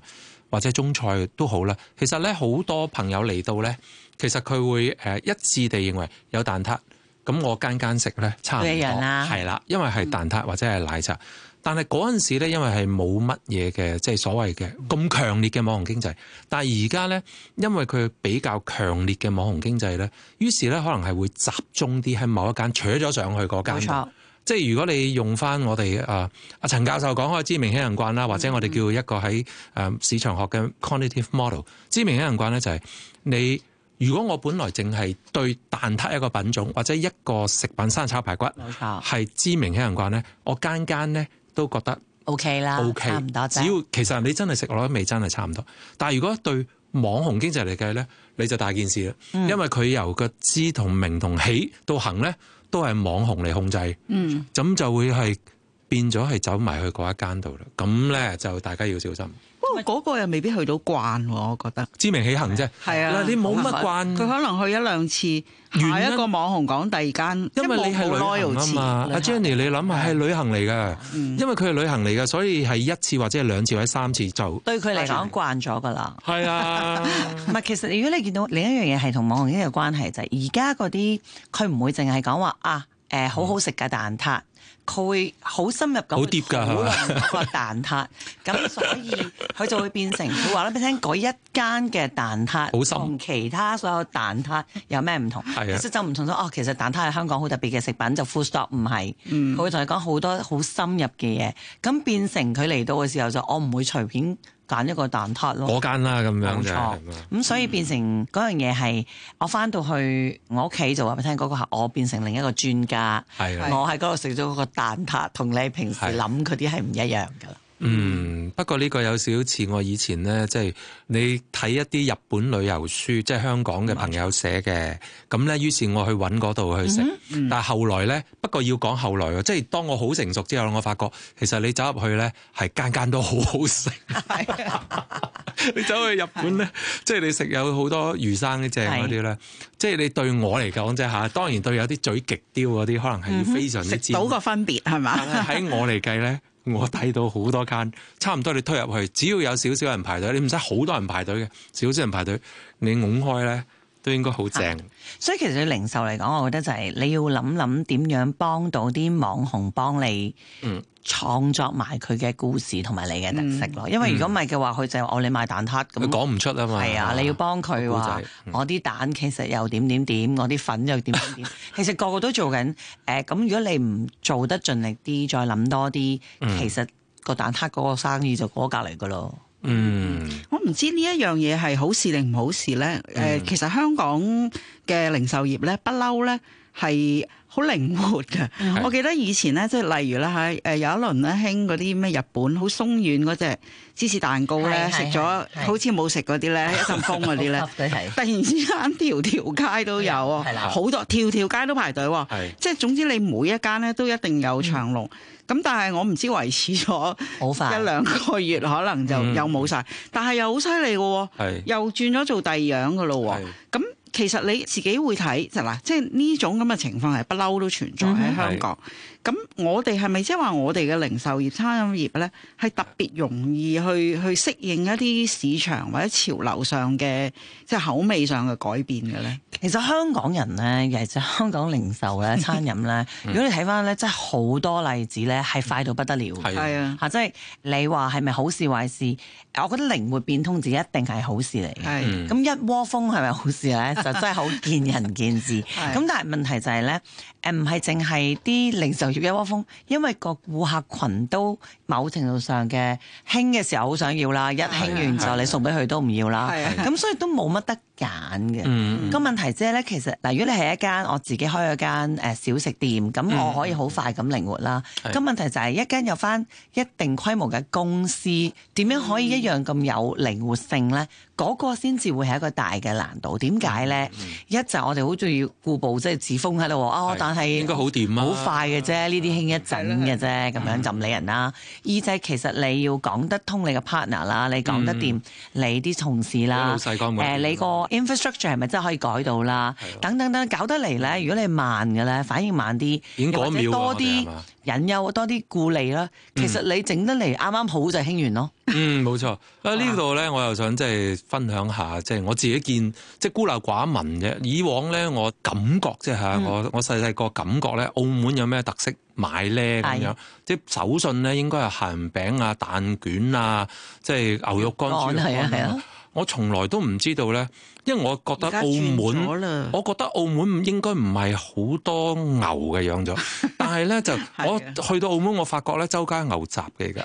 [SPEAKER 1] 或者中菜都好啦，其實咧好多朋友嚟到咧，其實佢會誒一致地認為有蛋撻，咁我間間食咧差唔多，係啦、啊，因為係蛋撻或者係奶茶。但係嗰陣時咧，因為係冇乜嘢嘅，即係所謂嘅咁強烈嘅網紅經濟。但係而家咧，因為佢比較強烈嘅網紅經濟咧，於是咧可能係會集中啲喺某一間扯咗上去嗰間。即係如果你用翻我哋啊阿陳教授講開知名欺人慣啦，嗯、或者我哋叫一個喺誒、呃、市場學嘅 cognitive model，、嗯、知名欺人慣咧就係、是、你。如果我本來淨係對蛋撻一個品種或者一個食品生炒排骨係知名欺人慣咧，我間間咧都覺得
[SPEAKER 4] OK 啦，OK 差唔多。只要
[SPEAKER 1] 其實你真係食落啲味真係差唔多，但係如果對網紅經濟嚟計呢，你就大件事啦，嗯、因為佢由個知同名同起到行呢，都係網紅嚟控制，咁、嗯、就會係變咗係走埋去嗰一間度啦，咁呢就大家要小心。
[SPEAKER 2] 嗰個又未必去到慣喎，我覺得
[SPEAKER 1] 知名起行啫，係啊，嗱你冇乜慣，
[SPEAKER 2] 佢可能去一兩次，下一個網紅講第二間，
[SPEAKER 4] 因為你係旅行啊嘛，阿
[SPEAKER 1] Jenny 你諗下係旅行嚟嘅，因為佢係旅行嚟嘅，所以係一次或者係兩次或者三次就對佢嚟講
[SPEAKER 4] 慣咗㗎啦。係啊，唔係其實如果你見到另一樣嘢係同網紅有關係，就係而家嗰啲佢唔會淨係講話啊誒，好好食嘅蛋撻。佢會好深入咁好跌㗎，好難個蛋撻，咁 (laughs) 所以佢就會變成，佢話俾你聽，嗰一間嘅蛋撻同其他所有蛋撻有咩唔同？其實就唔同咗。哦，其實蛋撻係香港好特別嘅食品，就 full stop 唔係。佢會同你講好多好深入嘅嘢，咁變成佢嚟到嘅時候就我唔會隨便。揀一個蛋撻咯，嗰間啦、啊、咁樣冇錯。咁所以變成嗰樣嘢係，我翻到去我屋企就話俾你聽嗰個係我變成另一個專家。係是的 我喺嗰度食咗個蛋撻，同你平時諗嗰啲係唔一樣噶
[SPEAKER 1] 啦。是的 嗯，不過呢個有少少似我以前呢，即係你睇一啲日本旅遊書，即係香港嘅朋友寫嘅，咁呢，於是我去揾嗰度去食。嗯嗯、但係後來呢，不過要講後來喎，即係當我好成熟之後，我發覺其實你走入去呢係間間都好好食。你走去日本呢，的即係你食有好多魚生嘅正嗰啲呢，的嗯、哼即係你對我嚟講啫嚇。當然對有啲嘴極刁嗰啲，可能係要非常之知到
[SPEAKER 2] 個分別係嘛？喺我
[SPEAKER 1] 嚟計呢。 (laughs) 我睇到好多間，差唔多你推入去，只要有少少人排隊，你唔使好多人排隊嘅，少少人排隊，你拱開呢，都應該好正。
[SPEAKER 4] 所以其實零售嚟講，我覺得就係你要諗諗點樣幫到啲網紅幫你。嗯創作埋佢嘅故事同埋你嘅特色咯，嗯、因為如果唔係嘅話，佢就係我你賣蛋撻咁，你講唔出啊嘛。係啊，你要幫佢話、啊嗯、我啲蛋其實又點點點，我啲粉又點點點。 (laughs) 其實個個都做緊誒，咁、呃、如果你唔做得盡力啲，再諗多啲，嗯、其實
[SPEAKER 2] 個蛋撻嗰個生意就過隔離噶咯。嗯，我唔知呢一樣嘢係好事定唔好事咧。誒、嗯，其實香港嘅零售業咧，不嬲咧。係好靈活嘅，我記得以前咧，即係例如啦，嚇誒有一輪咧興嗰啲咩日本好鬆軟嗰隻芝士蛋糕咧，食咗好似冇食嗰啲咧，一陣風嗰啲咧，突然之間條條街都有，啊，好多條條街都排隊喎，即係總之你每一間咧都一定有長龍。咁但係我唔知維持咗一兩個月，可能就又冇晒。但係又好犀利嘅喎，又轉咗做第二樣嘅咯喎，咁。其實你自己會睇，就嗱，即係呢種咁嘅情況係不嬲都存在喺香港。嗯咁我哋係咪即係話我哋嘅零售業、餐飲業咧，係特別容易去去適應一啲市場或者潮流上嘅即係口味上嘅改變嘅咧？其實
[SPEAKER 4] 香港人咧，尤其係香港零售咧、餐飲咧，如果你睇翻咧，真係好多例子咧，係快到不得了。係啊的，吓，即係你話係咪好事壞事？我覺得靈活變通字一定係好事嚟嘅。係的。咁、嗯、一窩蜂係咪好事咧？就真係好見仁見智。係 (laughs) 的。咁但係問題就係咧，誒唔係淨係啲零售。一窩蜂，因為個顧客群都某程度上嘅興嘅時候好想要啦，一興完就你送俾佢都唔要啦，咁所以都冇乜得揀嘅。咁、嗯、問題即係呢，其實嗱，如果你係一間我自己開咗間誒小食店，咁我可以好快咁靈活啦。咁、嗯、問題就係、是、一間有翻一定規模嘅公司，點樣可以一樣咁有靈活性呢？嗰個先至會係一個大嘅難度，點解咧？一就我哋好中意固步即係自封喺度，哦！但係應該好掂啊，好快嘅啫，呢啲輕一陣嘅啫，咁樣就唔理人啦。二就其實你要講得通你嘅 partner 啦，你講得掂，你啲同事啦，誒，你個 infrastructure 係咪真係可以改到啦？等等等，搞得嚟咧，如果你慢嘅咧，反應慢啲，又咪多啲。引誘多啲顧慮啦，其實你整得嚟啱啱好就興源咯。
[SPEAKER 1] (laughs) 嗯，冇錯。啊，呢度咧，我又想即係分享下，即係我自己見，即係孤陋寡聞嘅。以往咧，我感覺即係嗯、我我細細個感覺咧，澳門有咩特色買咧咁樣？唉即係手信咧，應該係鹹餅啊、蛋卷啊，即係牛肉乾。係啊係啊。我從來都唔知道呢，因為我覺得澳門，我覺得澳門應該唔係好多牛嘅養咗， (laughs) 但係呢，就 (laughs) 的我去到澳門，我發覺呢周街牛雜嘅而家，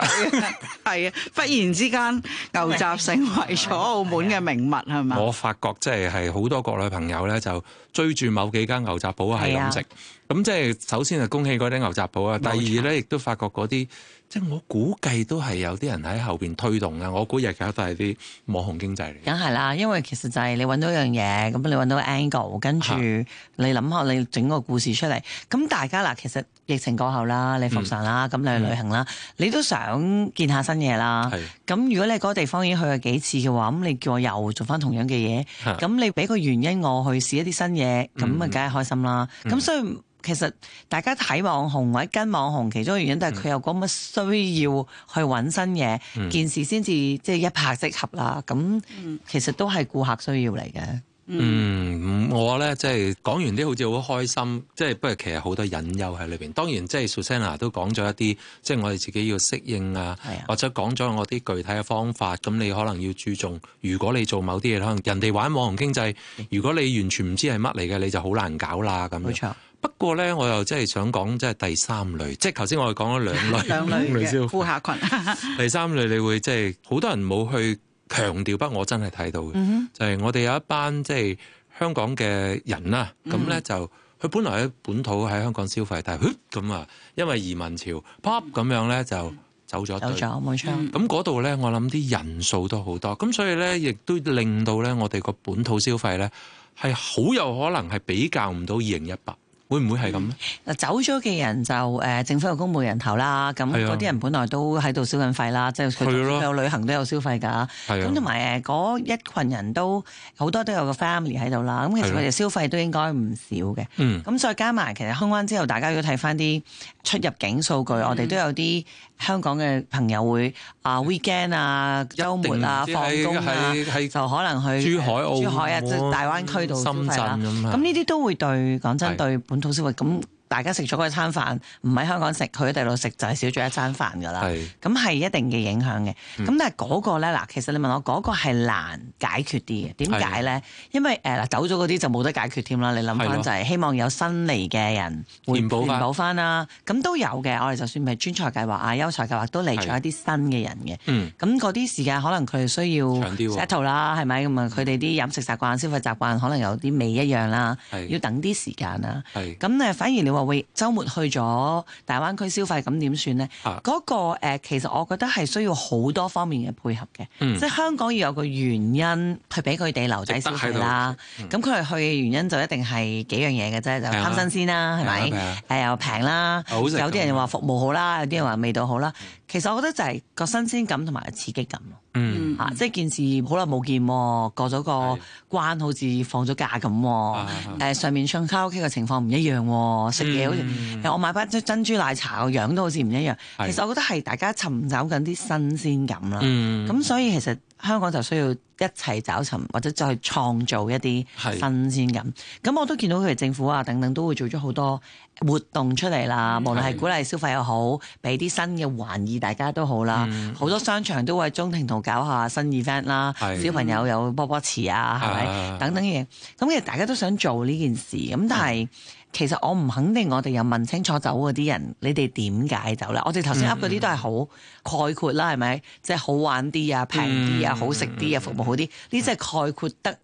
[SPEAKER 2] 係 (laughs) 啊！忽然之間牛雜成為咗澳門嘅名物
[SPEAKER 1] 係咪？我發覺即係好多國內朋友呢，就追住某幾間牛雜鋪係咁食，咁即係首先就恭喜嗰啲牛雜鋪啊，錯第二呢，亦都發覺嗰啲。即我估計都係有啲人喺後邊推動啦，我估日搞都係啲網紅經濟嚟。梗
[SPEAKER 4] 係啦，因為其實就係你揾到一樣嘢，咁你揾到個 angle，跟住你諗下你整個故事出嚟。咁大家嗱，其實疫情過後啦，你復常啦，咁、嗯、你去旅行啦，嗯、你都想見下新嘢啦。咁是如果你嗰地方已經去過幾次嘅話，咁你叫我又做翻同樣嘅嘢，咁、嗯、你俾個原因我去試一啲新嘢，咁啊梗係開心啦。咁、嗯嗯、所以。其實大家睇網紅或者跟網紅，其中嘅原因都係佢有嗰乜需要去揾新嘢、嗯、件事，先至即係一拍即合啦。咁其實都係顧客需要嚟嘅。
[SPEAKER 1] 嗯，我咧即係講完啲好似好開心，即係不過其實好多隱憂喺裏邊。當然即係 Susanna 都講咗一啲，即係我哋自己要適應啊，啊或者講咗我啲具體嘅方法。咁你可能要注重，如果你做某啲嘢，可能人哋玩網紅經濟，如果你完全唔知係乜嚟嘅，你就好難搞啦。咁冇錯。不過咧，我又真係想講，即係第三類，即係頭先我哋講咗兩類 (laughs) 兩類嘅
[SPEAKER 3] 顧客
[SPEAKER 2] 群。
[SPEAKER 1] (laughs) 第三類你會即係好多人冇去強調，不過，我真係睇到嘅、嗯、哼就係我哋有一班即係香港嘅人啦。咁咧、嗯、就佢本來喺本土喺香港消費，但係咁啊，因為移民潮 pop 咁樣咧、嗯、就走咗走咗了冇對錯。咁嗰度咧，我諗啲人數都好多，咁所以咧亦都令到咧我哋個本土消費咧係好有可能係比較唔到二零一八。會唔會係
[SPEAKER 4] 咁咧？嗱、嗯，走咗嘅人就誒、呃、政府有公務人頭啦。咁嗰啲人本來都喺度消緊費啦，的即係有旅行都有消費㗎。咁同埋誒嗰一群人都好多都有個 family 喺度啦。咁其實佢哋消費都應該唔少嘅。咁再的、嗯、加埋其實香港之後，大家都要睇翻啲出入境數據，嗯、我哋都有啲。香港嘅朋友會 week 啊 weekend 啊週末啊，放工啊，就可能去珠海澳門，珠海啊即係大灣區度，深圳係啦。咁呢啲都會對講真的對本土消費咁。大家食咗嗰餐飯，唔喺香港食，佢喺第度食就係少咗一餐飯噶啦。咁係一定嘅影響嘅。咁但係嗰個咧嗱，其實你問我嗰個係難解決啲嘅，點解咧？因為誒嗱，走咗嗰啲就冇得解決添啦。你諗翻就係希望有新嚟嘅人回補翻啦。咁都有嘅，我哋就算唔係專才計劃啊、優才計劃都嚟咗一啲新嘅人嘅。咁嗰啲時間可能佢需要 settle 啦，係咪咁啊？佢哋啲飲食習慣、消費習慣可能有啲未一樣啦，要等啲時間啦。咁咧反而你話。周末去咗大灣區消費，咁點算呢？嗰、啊嗰個其實我覺得係需要好多方面嘅配合嘅，嗯、即係香港要有個原因去俾佢哋留低消費啦。咁佢哋去嘅原因就一定係幾樣嘢嘅啫，就貪新鮮啦，係咪了？誒又平啦，宜有啲人話服務好啦，了有啲人話味道好啦。了其實我覺得就係個新鮮感同埋刺激感咯，嚇、嗯啊！即係件事好耐冇見，過咗個關好似放咗假咁，誒的、呃、上面唱卡拉 OK 嘅情況唔一樣，食嘢好似我、嗯、買翻啲珍珠奶茶個樣都好似唔一樣。其實我覺得係大家尋找緊啲新鮮感啦，咁、嗯啊、所以其實。香港就需要一齊找尋或者再創造一啲新鮮感。咁是我都見到佢哋政府啊等等都會做咗好多活動出嚟啦。無論係鼓勵消費又好，俾啲新嘅玩意大家都好啦。好、嗯、多商場都會喺中庭度搞下新意 event 啦。是小朋友有波波池啊，係咪等等嘢？咁其實大家都想做呢件事，咁但係。其實我唔肯定，我哋有問清楚走嗰啲人，你哋點解走咧？我哋頭先噏嗰啲都係好概括啦，係咪、嗯？即係好玩啲啊、平啲啊、嗯、好食啲啊、服務好啲，呢啲真係概括得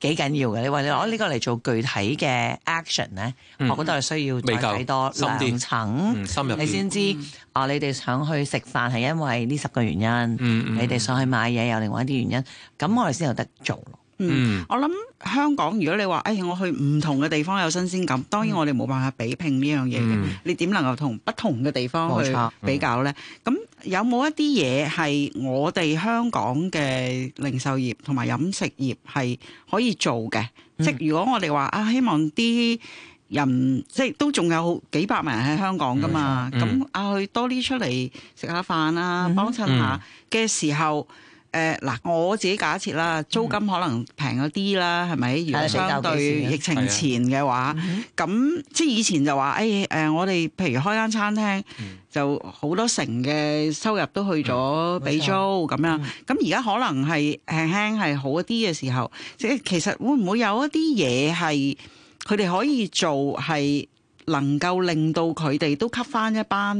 [SPEAKER 4] 幾緊要嘅。你話你攞呢個嚟做具體嘅 action 咧、嗯，我覺得係需要睇多兩層、嗯嗯，深入你先知、嗯、啊！你哋想去食飯係因為呢十個原因，嗯嗯、你哋想去買嘢有另外一啲原因，咁我哋先有得做。
[SPEAKER 2] 嗯，我諗香港如果你話，哎我去唔同嘅地方有新鮮感，當然我哋冇辦法比拼呢樣嘢嘅，嗯、你點能夠同不同嘅地方去比較咧？咁、嗯、有冇一啲嘢係我哋香港嘅零售業同埋飲食業係可以做嘅？嗯、即係如果我哋話啊，希望啲人即係都仲有幾百萬人喺香港噶嘛，咁啊、嗯嗯、去多啲出嚟食下飯啊，幫襯、嗯、下嘅時候。誒嗱、呃，我自己假設啦，租金可能平咗啲啦，係咪？如果相對疫情前嘅話，咁、啊、即係以前就話，誒、哎、誒、呃，我哋譬如開間餐廳，嗯、就好多成嘅收入都去咗俾、嗯、租咁樣。咁而家可能係輕輕係好一啲嘅時候，即係其實會唔會有一啲嘢係佢哋可以做係？能夠令到佢哋都吸翻一班，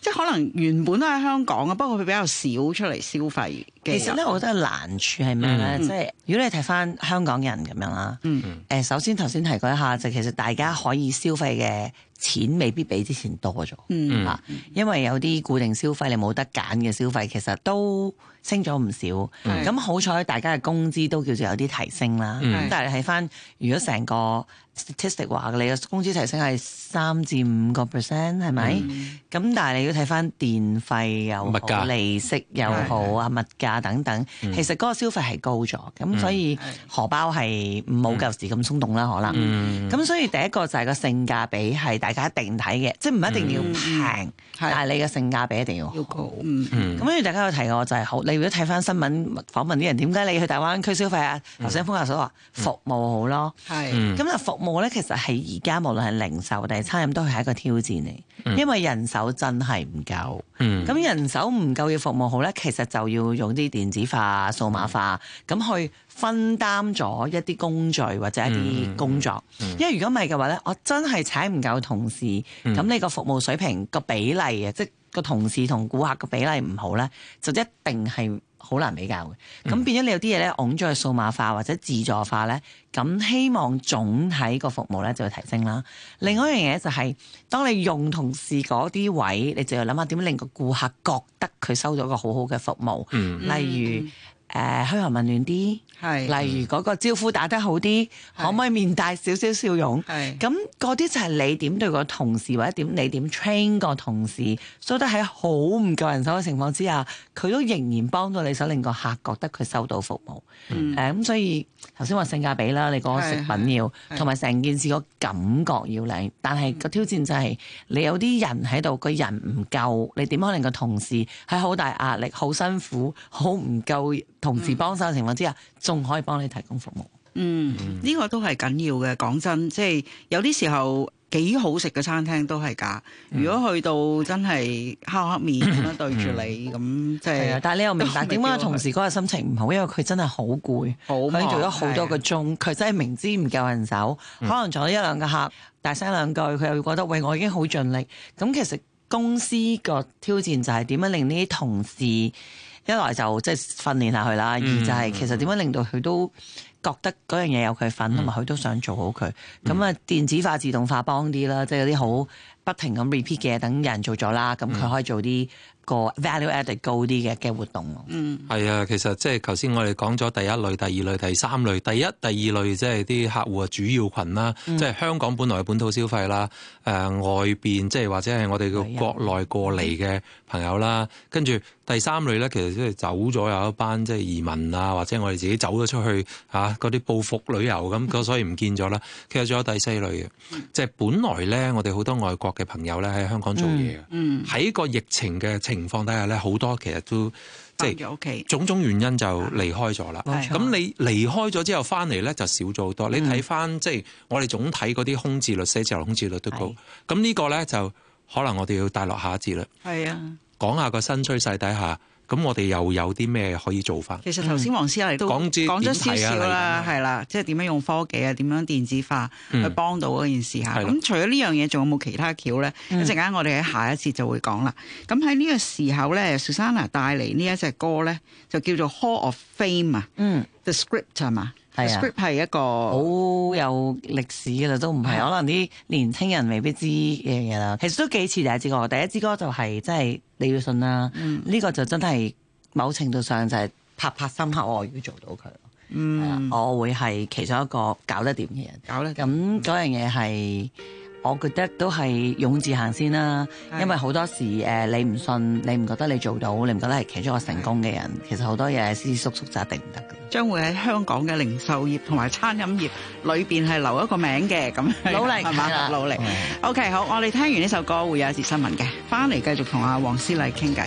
[SPEAKER 2] 即係可能原本都喺香港啊，不過佢比較少出嚟消費。其實咧，嗯、我覺得難
[SPEAKER 4] 處係咩咧？嗯、即
[SPEAKER 2] 係如果你睇翻
[SPEAKER 4] 香港人咁樣啦，誒，嗯、首先頭先提過一下，就其實大家可以消費嘅錢未必比之前多咗，嚇、嗯啊，因為有啲固定消費你冇得揀嘅消費，其實都升咗唔少。咁、嗯嗯、好彩大家嘅工資都叫做有啲提升啦。咁、嗯嗯、但係睇翻如果成個 Statistic 話你嘅工資提升係三至五個 percent 係咪？咁但係你要睇翻電費又物價，利息又好啊，物價等等，其實嗰個消費係高咗，咁所以荷包係冇舊時咁鬆動啦，可能。咁所以第一個就係個性價比係大家一定睇嘅，即係唔一定要平，但係你嘅性價比一定要高。咁跟住大家有提我就係好，你如果睇翻新聞訪問啲人，點解你去大灣區消費啊？頭先風教授話服務好咯，係。咁就服務。我咧，其實係而家無論係零售定係餐飲，都係一個挑戰嚟，因為人手真係唔夠。咁、嗯、人手唔夠要服務好咧，其實就要用啲電子化、數碼化，咁、嗯、去分擔咗一啲工序或者一啲工作。嗯嗯、因為如果唔係嘅話咧，我真係請唔夠同事，咁你個服務水平個比例啊，即係個同事同顧客個比例唔好咧，就一定係，好難比較嘅，咁變咗你有啲嘢咧，往咗去數碼化或者自助化咧，咁希望總體個服務咧就會提升啦。另外一樣嘢就係、是，當你用同事嗰啲位，你就要諗下點令個顧客覺得佢收咗個好好嘅服務，嗯、例如誒噓寒問暖啲。例如嗰個招呼打得好啲，是可唔可以面帶少少笑容？係是，咁嗰啲就係你點對個同事，或者點你點 train 個同事，使得喺好唔夠人手嘅情況之下，佢都仍然幫到你，想令個客覺得佢收到服務。嗯，咁、嗯，所以頭先話性價比啦，你個食品要，同埋成件事個感覺要靚。是但係個挑戰就係、是、你有啲人喺度，個人唔夠，你點可能個同事喺好大壓力、好辛苦、好唔夠同事幫手嘅情況之下？嗯仲可以幫你提供服
[SPEAKER 2] 務。嗯，呢個都係緊要嘅。講真，即係有啲時候幾好食嘅餐廳都係假。嗯、如果去到真係黑黑面咁樣對住你，咁即係。但係你又明白點解同事
[SPEAKER 4] 嗰日心情唔好？因為佢真係好攰，佢棒做咗好多個鐘，佢的真係明知唔夠人手，嗯、可能坐咗一兩個客，大聲兩句，佢又會覺得喂，我已經好盡力。咁其實公司個挑戰就係點樣令呢啲同事？一來就即係訓練下佢啦，二就係其實點樣令到佢都覺得嗰樣嘢有佢份，同埋佢都想做好佢。咁啊、嗯，電子化自動化幫啲啦，即係、嗯、有啲好不停咁 repeat 嘅等人做咗啦，咁佢、嗯、可以做啲個 value added 高啲嘅嘅活動。嗯，
[SPEAKER 1] 係啊，其實即係頭先我哋講咗第一類、第二類、第三類，第一、第二類即係啲客戶嘅主要群啦，即係、嗯、香港本來嘅本土消費啦。誒、呃、外邊即係或者係我哋嘅國內過嚟嘅朋友啦，人跟住第三類咧，其實即係走咗有一班即係、就是、移民啊，或者我哋自己走咗出去嚇嗰啲報復旅遊咁，所以唔見咗啦。 (laughs) 其實仲有第四類嘅，即、就、係、是、本來咧，我哋好多外國嘅朋友咧喺香港做嘢嘅，喺、嗯嗯、個疫情嘅情況底下咧，好多其實都。即係種種原因就離開咗啦。咁錯你離開咗之後翻嚟咧就少咗好多。嗯、你睇翻即係我哋總體嗰啲空置率，寫字樓空置率都高。咁是呢個咧就可能我哋要帶落下一節啦。係啊，講下個新趨勢底下。咁我哋又有啲咩可以做法？嗯、其
[SPEAKER 2] 實頭先黃思麗都講之講咗少少啦，係啦、啊如，即係點樣用科技啊，點樣電子化、嗯、去幫到嗰件事嚇。咁了除咗呢樣嘢，仲有冇其他橋咧？嗯、一陣間我哋喺下一節就會講啦。咁喺呢個時候咧 Susanna 帶嚟呢一隻歌咧，就叫做 Hall of Fame 啊、嗯、The Script 啊嘛。係啊，係一個好有歷史嘅啦，都唔係，的可能啲年青人未必
[SPEAKER 4] 知嘅嘢啦。嗯、其實都幾似第一支歌，第一支歌就係即係你要信啦。呢，嗯、個就真係某程度上就係拍拍深刻，我要做到佢。嗯，我會係其中一個搞得掂嘅人。搞得掂。咁嗰樣嘢係。嗯我覺得都係勇字行先啦，因為好多時誒，你唔信，你唔覺得你做到，你唔覺得係其中一個成功嘅人，其實好多嘢思思縮縮就一定唔得
[SPEAKER 2] 嘅。將會喺香港嘅零售業同埋餐飲業裏邊係留一個名嘅，咁努力係嘛？努力。OK，好，我哋聽完呢首歌，會有一節新聞嘅，翻嚟繼續同阿黃思麗傾偈。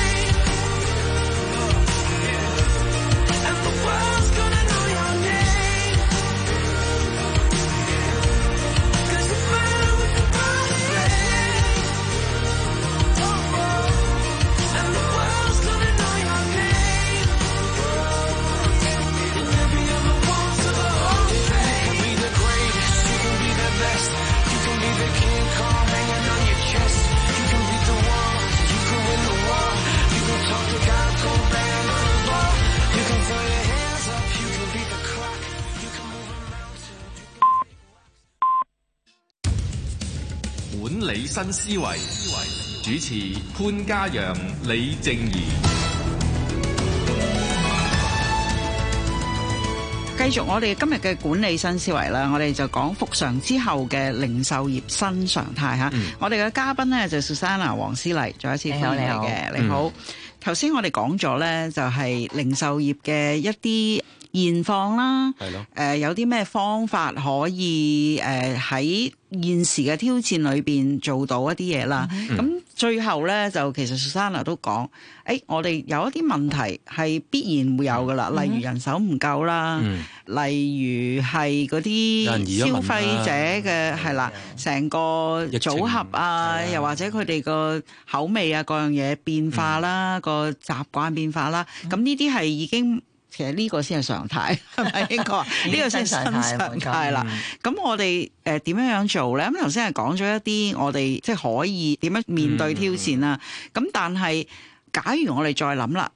[SPEAKER 3] 新思維，思維主持潘嘉陽、李靜宜。
[SPEAKER 2] 繼續我哋今日嘅管理新思維啦，我哋就講復常之後嘅零售業新常態吓。我哋嘅嘉賓呢就 Susanna、黃思麗，再一次歡迎你嘅。你好，頭先我哋講咗呢，就係零售業嘅一啲。現況啦，誒、呃、有啲咩方法可以誒喺、呃、現時嘅挑戰裏邊做到一啲嘢啦？咁、mm hmm. 最後咧就其實蘇珊娜都講，誒、欸、我哋有一啲問題係必然會有噶啦，mm hmm. 例如人手唔夠啦，mm hmm. 例如係嗰啲消費者嘅係啦，成個組合啊，疫情。又或者佢哋個口味啊各樣嘢變化啦，mm hmm. 個習慣變化啦，咁呢啲係已經。呢個先係常態，係咪應該？呢 (laughs) 個先係新常態啦。咁錯我哋誒點樣樣做咧？咁頭先係講咗一啲我哋即係可以點樣面對挑戰啦。咁、嗯、但係假如我哋再諗啦，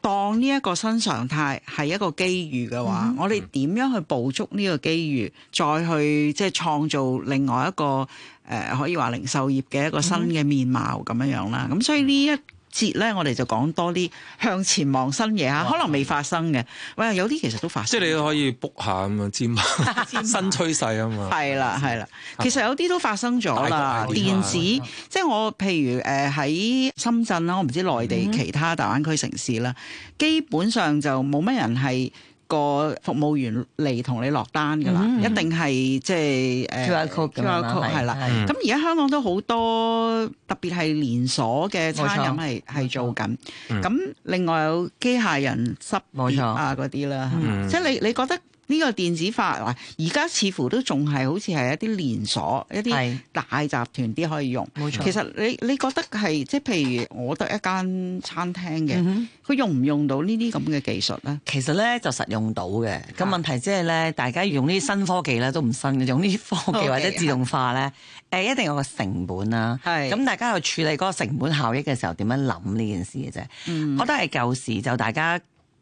[SPEAKER 2] 當呢一個新常態係一個機遇嘅話，嗯、我哋點樣去捕捉呢個機遇，再去即係創造另外一個誒可以話零售業嘅一個新嘅面貌咁樣樣啦。咁、嗯嗯、所以呢一節咧，我哋就講多啲向前望新嘢嚇，哇可能未發生嘅。喂，有啲
[SPEAKER 1] 其實都發生，即係你可以卜下咁樣知嘛，新趨勢啊嘛。係啦，係啦 (laughs) 嗎，其實
[SPEAKER 2] 有啲都發生咗啦。電子即係我譬如誒喺、呃、深圳啦，我唔知內地其他大灣區城市啦，嗯、哼基本上就冇乜人係。個服務員嚟同你落單噶啦，嗯、一定係即係誒，叫 QR code 咁樣係啦。咁而家香港都好多特別，特別係連鎖嘅餐飲係係做緊。咁、嗯、另外有機械人識別啊嗰啲啦，嗯、即係你你覺得？呢個電子化嗱，而家似乎都仲係好似係一啲連鎖、一啲大集團啲可以用。冇錯，其實你你覺得係即係譬如我得一間餐廳嘅，佢、嗯、哼用唔用到呢啲咁嘅技術咧？其實咧就實
[SPEAKER 4] 用到嘅。噉是問題即係咧，大家用呢啲新科技咧都唔新嘅，用呢啲科技或者自動化咧，誒、okay, 是一定有個成本啦。係咁是，大家去處理嗰個成本效益嘅時候點樣諗呢件事嘅啫？嗯，我覺得係舊時就大家。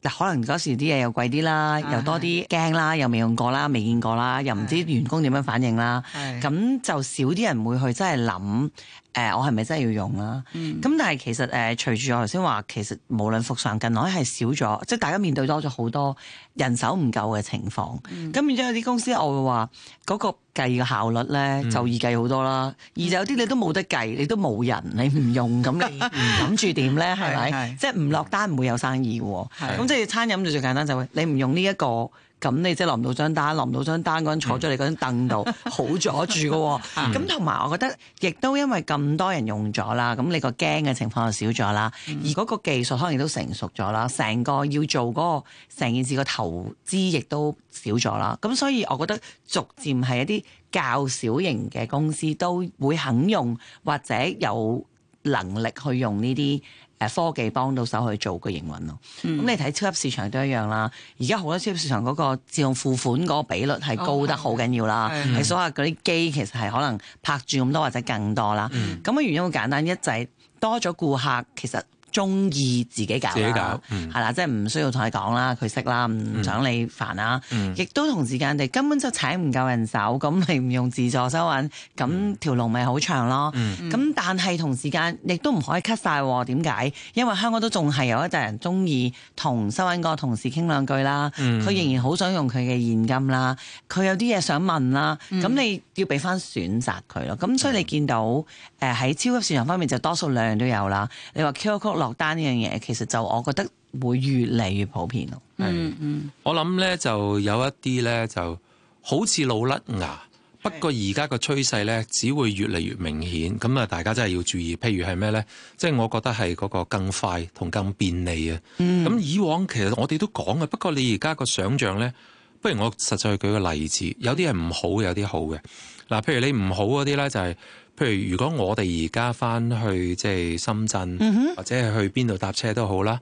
[SPEAKER 4] 可能嗰時啲嘢又貴啲啦，又多啲驚啦，又未用過啦，未見過啦，又唔知員工點樣反應啦，咁是的 就少啲人會去真係諗。誒，我係咪真係要用啦？咁、嗯、但係其實誒、呃，隨住我頭先話，其實無論服上近來係少咗，即、就、係、是、大家面對多咗好多人手唔夠嘅情況。咁然之後有啲公司，我會話嗰、那個計嘅效率咧、嗯、就易計好多啦。嗯、而有啲你都冇得計，你都冇人，你唔用，咁你諗住點咧？係咪？即係唔落單唔會有生意喎。咁即係餐飲就最簡單，就係你唔用呢、這、一個。咁你即係攞唔到張單，攞唔到張單嗰陣坐咗你嗰張凳度，好 (laughs) 阻住嘅、哦。咁同埋我覺得，亦都因為咁多人用咗啦，咁你個驚嘅情況就少咗啦。而嗰個技術可能都成熟咗啦，成個要做嗰、嗰個成件事個投資亦都少咗啦。咁所以我覺得，逐漸係一啲較小型嘅公司都會肯用或者有能力去用呢啲。科技幫到手去做個營運咯，
[SPEAKER 5] 咁、嗯、你睇
[SPEAKER 4] 超級市場都一樣啦。而家好多超級市場嗰個自動付款嗰個比率係高得好緊要啦，你所下嗰啲機其實係可能拍住咁多或者更多啦。咁嘅、嗯、原因好簡單，一就係、是、多咗顧客，其實。中意自、啊、自己搞，自己搞，係啦，即係唔需要同你講啦，佢識啦，唔想你煩啦、啊，亦都、嗯、同時間地根本就請唔夠人手，咁你唔用自助收銀，咁條路咪好長咯。咁、嗯嗯、但係同時間亦都唔可以 cut 曬喎，點解？因為香港都仲係有一堆人中意同收銀個同事傾兩句啦，佢、嗯、仍然好想用佢嘅現金啦，佢有啲嘢想問啦，咁你要俾翻選擇佢咯。咁所以你見到誒喺超級市場方面就多數兩樣都有啦。你話 Q R 落單呢樣嘢，其實就我覺得會越嚟越普遍咯。嗯嗯，
[SPEAKER 1] 我諗咧就有一啲咧就好似老甩牙，不過而家個趨勢咧只會越嚟越明顯，咁啊大家真係要注意。譬如係咩咧？即係我覺得係嗰個更快同更便利啊。咁以往其實我哋都講嘅，不過你而家個想象咧，不如我實際去舉個例子。有啲係唔好，有啲好嘅。嗱，譬如你唔好嗰啲咧，就係。譬如如果我哋而家翻去，即係深圳，或者係去邊度搭車都好啦。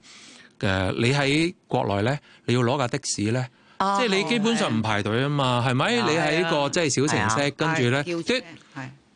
[SPEAKER 1] 誒、呃，你喺國內咧，你要攞架的士咧，哦、即係你基本上唔排隊啊嘛，係咪的？你喺、個的即係小城市，跟住咧，啲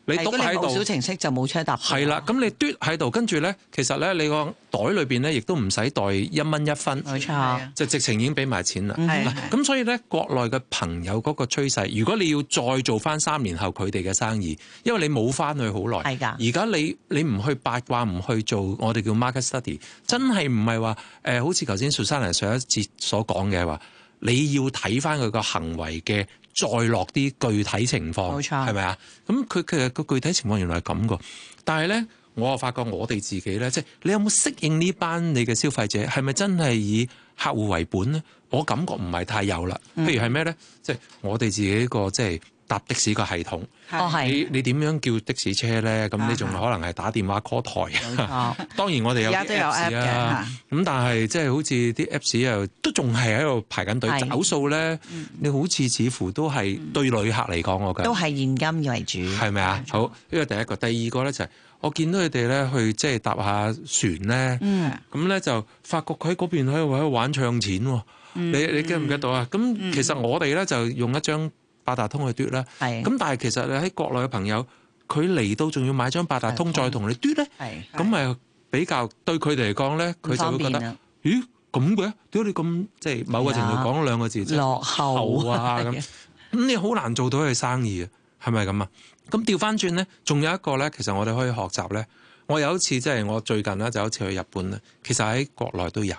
[SPEAKER 1] 你篤喺度，小程
[SPEAKER 4] 式就冇車搭。係
[SPEAKER 1] 啦，咁你篤喺度，跟住咧，其實咧，你個袋裏邊咧，亦都唔使袋一蚊一分，冇錯，就直情已經俾埋錢啦。咁的、嗯、所以咧，國內嘅朋友嗰個趨勢，如果你要再做翻三年後佢哋嘅生意，因為你冇翻去好耐，係㗎的。而家你你唔去八卦，唔去做我哋叫 market study，真係唔係話誒，好似頭先 Susanna 上一節所講嘅話，你要睇翻佢個行為嘅。再落啲具體情況，冇錯，係咪啊？咁佢其實個具體情況原來係咁個，但係咧，我又發覺我哋自己咧，即係你有冇適應呢班你嘅消費者？係咪真係以客戶為本咧？我感覺唔係太有啦。譬如係咩咧？即係、嗯、我哋自己個，即係搭的士個系統。哦，係你你點樣叫的士車咧？咁你仲可能係打電話 call 台。哦，當然我哋有，而家都有 Apps 啊。咁但係即係好似啲 Apps 又都仲係喺度排緊隊找數咧。你好似似乎都係對旅客嚟講，我覺得都係現金為主，係咪啊？好，呢個第一個，第二個咧就係我見到佢哋咧去即係搭下船咧。嗯。咁咧就發覺佢喺嗰邊可以玩唱錢喎。嗯。你你記唔記得到啊？咁其實我哋咧就用一張。八達通去嘟啦，咁是但係其實你喺國內嘅朋友，佢嚟到仲要買張八達通的再同你嘟咧，咁咪的比較對佢哋嚟講咧，佢的就會覺得咦咁嘅？屌你咁即係某個程度講兩個字落後啊咁，咁的、嗯、你好難做到佢生意啊，係咪咁啊？咁調翻轉咧，仲有一個咧，其實我哋可以學習咧。我有一次即係、就是、我最近咧就好似去日本咧，其實喺國內都有，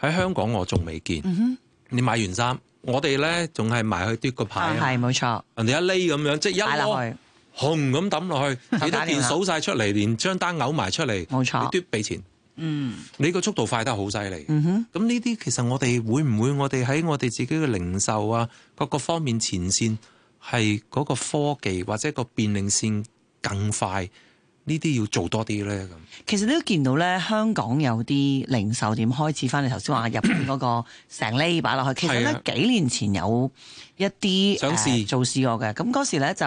[SPEAKER 1] 喺香港我仲未見。嗯、你買完衫。我哋咧仲係埋去奪個牌，啊，係冇，嗯、錯。人哋一匿咁樣，即係一落去，紅咁抌落去，幾多 (laughs) 件數晒出嚟，連張單嘔埋出嚟，冇錯。奪俾錢，
[SPEAKER 5] 嗯，
[SPEAKER 1] 你個速度快得好犀利。嗯哼，咁呢啲其實我哋會唔會我哋喺我哋自己嘅零售啊，各個方面前線係嗰個科技或者個便利線更快？呢啲要做多啲咧咁。
[SPEAKER 4] 其實你都見到咧，香港有啲零售店開始翻嚟。頭先話入邊嗰個成 lay 擺落去。其實咧是的 幾年前有。一啲想試、呃、做試過嘅，咁嗰時咧就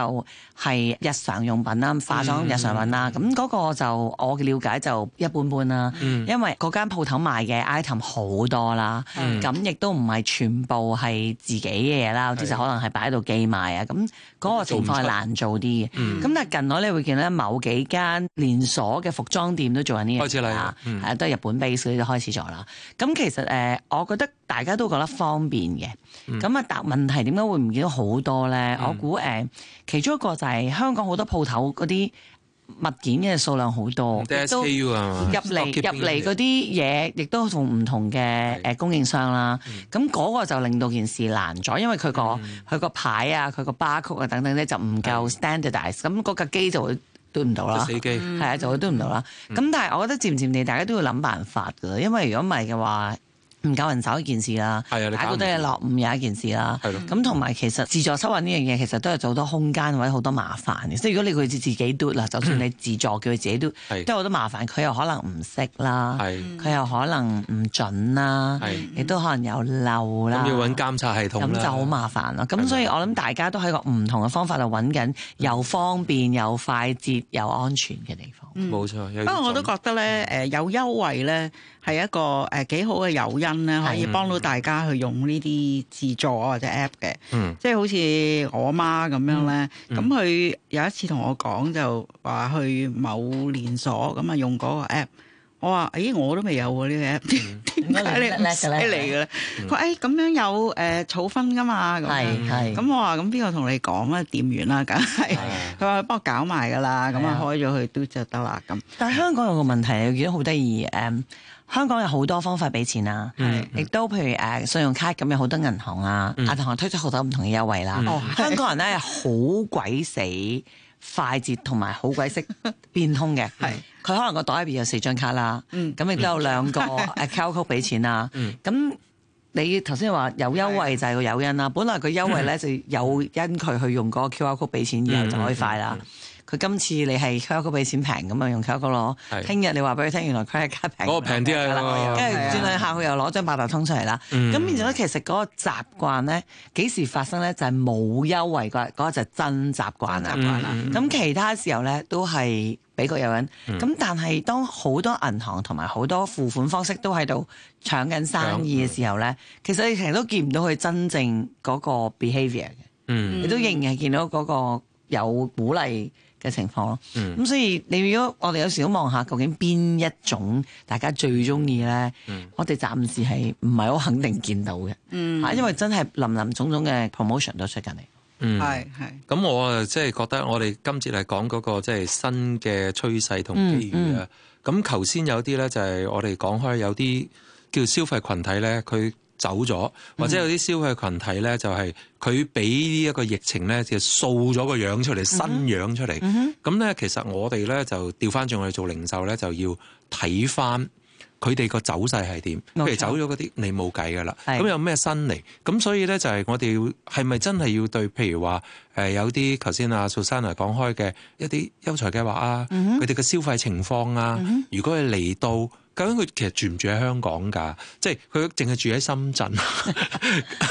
[SPEAKER 4] 係、是、日常用品啦、化妝日常品啦，咁嗰、嗯、個就我嘅了解就一般般啦。嗯、因為嗰間鋪頭賣嘅 item 好多啦，咁亦都唔係全部係自己嘅嘢啦，即就、嗯、可能係擺喺度寄賣啊。咁嗰是個情況係難做啲嘅。咁、嗯、但係近來你會見到某幾間連鎖嘅服裝店都做緊呢樣嘢啊，係啊，都係日本 base 都開始咗啦。咁、嗯嗯、其實誒、呃，我覺得。大家都覺得方便嘅，咁啊，但問題點解會唔見到好多咧？我估誒，其中一個就係香港好多鋪頭嗰啲物件嘅數量好多，入嚟入嚟嗰啲嘢，亦都同唔同嘅誒供應商啦。咁嗰個就令到件事難咗，因為佢個佢個牌啊，佢個 bar code 啊等等咧，就唔夠 standardize，咁嗰架機就會嘟唔到啦，死機，啊，就會嘟唔到啦。咁但係我覺得漸漸地大家都要諗辦法㗎，因為如果唔係嘅話。唔夠人手一件事啦，啊，搞到都係落伍有一件事啦。咁同埋其實自助收銀呢樣嘢，其實都係做好多空間或者好多麻煩嘅。即係如果你佢自己嘟啦，就算你自助叫佢自己嘟，都好多麻煩。佢又可能唔識啦，佢又可能唔準啦，亦都可能有漏啦。咁要揾
[SPEAKER 1] 監察系統，咁就好
[SPEAKER 4] 麻煩啦。咁所以我諗大家都喺個唔同嘅方法度揾緊又方便又快捷又安全嘅地方。冇錯，不過我都
[SPEAKER 2] 覺得咧，誒有優惠咧。係一個誒幾好嘅誘因咧，可以幫到大家去用呢啲自助或者 app 嘅，即係好似我媽咁樣咧，咁佢、嗯、有一次同我講就話去某連鎖咁啊用嗰個 app，我話誒我都未有呢、啊，這個 app，點解你叻嘅嚟嘅咧？佢誒咁樣有誒儲、呃、分噶嘛？係係，咁我話咁邊個同你講啊？店員啦，梗係佢話幫我搞埋噶啦，咁啊的開咗去都就得啦咁。的但係香港有個問題，我見得好得意
[SPEAKER 4] 誒。嗯香港有好多方法俾錢啊，亦、嗯嗯、都譬如誒信用卡咁，有好多銀行啊，嗯、銀行推出好多唔同嘅優惠啦。嗯、香港人咧好鬼死快捷同埋好鬼識變通嘅，佢、嗯、可能個袋入邊有四張卡啦，咁亦、嗯、都有兩個誒 QR code 俾錢啦、啊。咁、嗯、你頭先話有優惠就係個誘因啦，嗯、本來佢優惠咧就有因佢去用嗰個 QR code 俾錢，然、嗯、後就可以快啦。嗯嗯嗯嗯。今次你係 card 嗰筆錢平咁啊，用 card 嗰攞。聽日你話俾佢聽，原來佢係卡平。
[SPEAKER 1] 嗰個平啲啊，跟住轉去下
[SPEAKER 4] 佢又攞張八達通出嚟啦。咁變咗其實嗰個習慣咧，幾時發生咧？就係冇優惠嗰嗰就真習慣啦。咁其他時候咧都係畀個誘因。咁但係當好多銀行同埋好多付款方式都喺度搶緊生意嘅時候咧，其實你成日都見唔到佢真正嗰個 behaviour 嘅。
[SPEAKER 5] 嗯，你都
[SPEAKER 4] 仍然係見到嗰個有鼓勵。嘅情況咯，咁、嗯、所以你如果我哋有時都望下，究竟邊一種大家最中意咧？嗯、我哋暫時係唔係好肯定見到
[SPEAKER 5] 嘅，
[SPEAKER 4] 嚇、嗯，因為真係林林總總嘅 promotion 都出緊嚟。
[SPEAKER 1] 係係、嗯。咁我即係、就是、覺得我、那個，我哋今次係講嗰個即係新嘅趨勢同機遇啊。咁頭先有啲咧，就係、是、我哋講開有啲叫消費群體咧，佢。走咗，或者有啲消費群體咧，mm hmm. 就係佢俾呢一個疫情咧，就是、掃咗個樣出嚟，mm hmm. 新樣出嚟。咁咧、mm hmm.，其實我哋咧就調翻轉去做零售咧，就要睇翻佢哋個走勢係點。Mm hmm. 譬如走咗嗰啲，你冇計㗎喇。咁、mm hmm. 有咩新嚟？咁所以咧，就係、是、我哋要係咪真係要對？譬如話誒、呃，有啲頭先啊，Susanna 嚟講開嘅一啲優才計劃啊，佢哋嘅消費情況啊，mm hmm. 如果係嚟到。究竟佢其實住唔住喺香港㗎？即係佢淨係住喺深圳，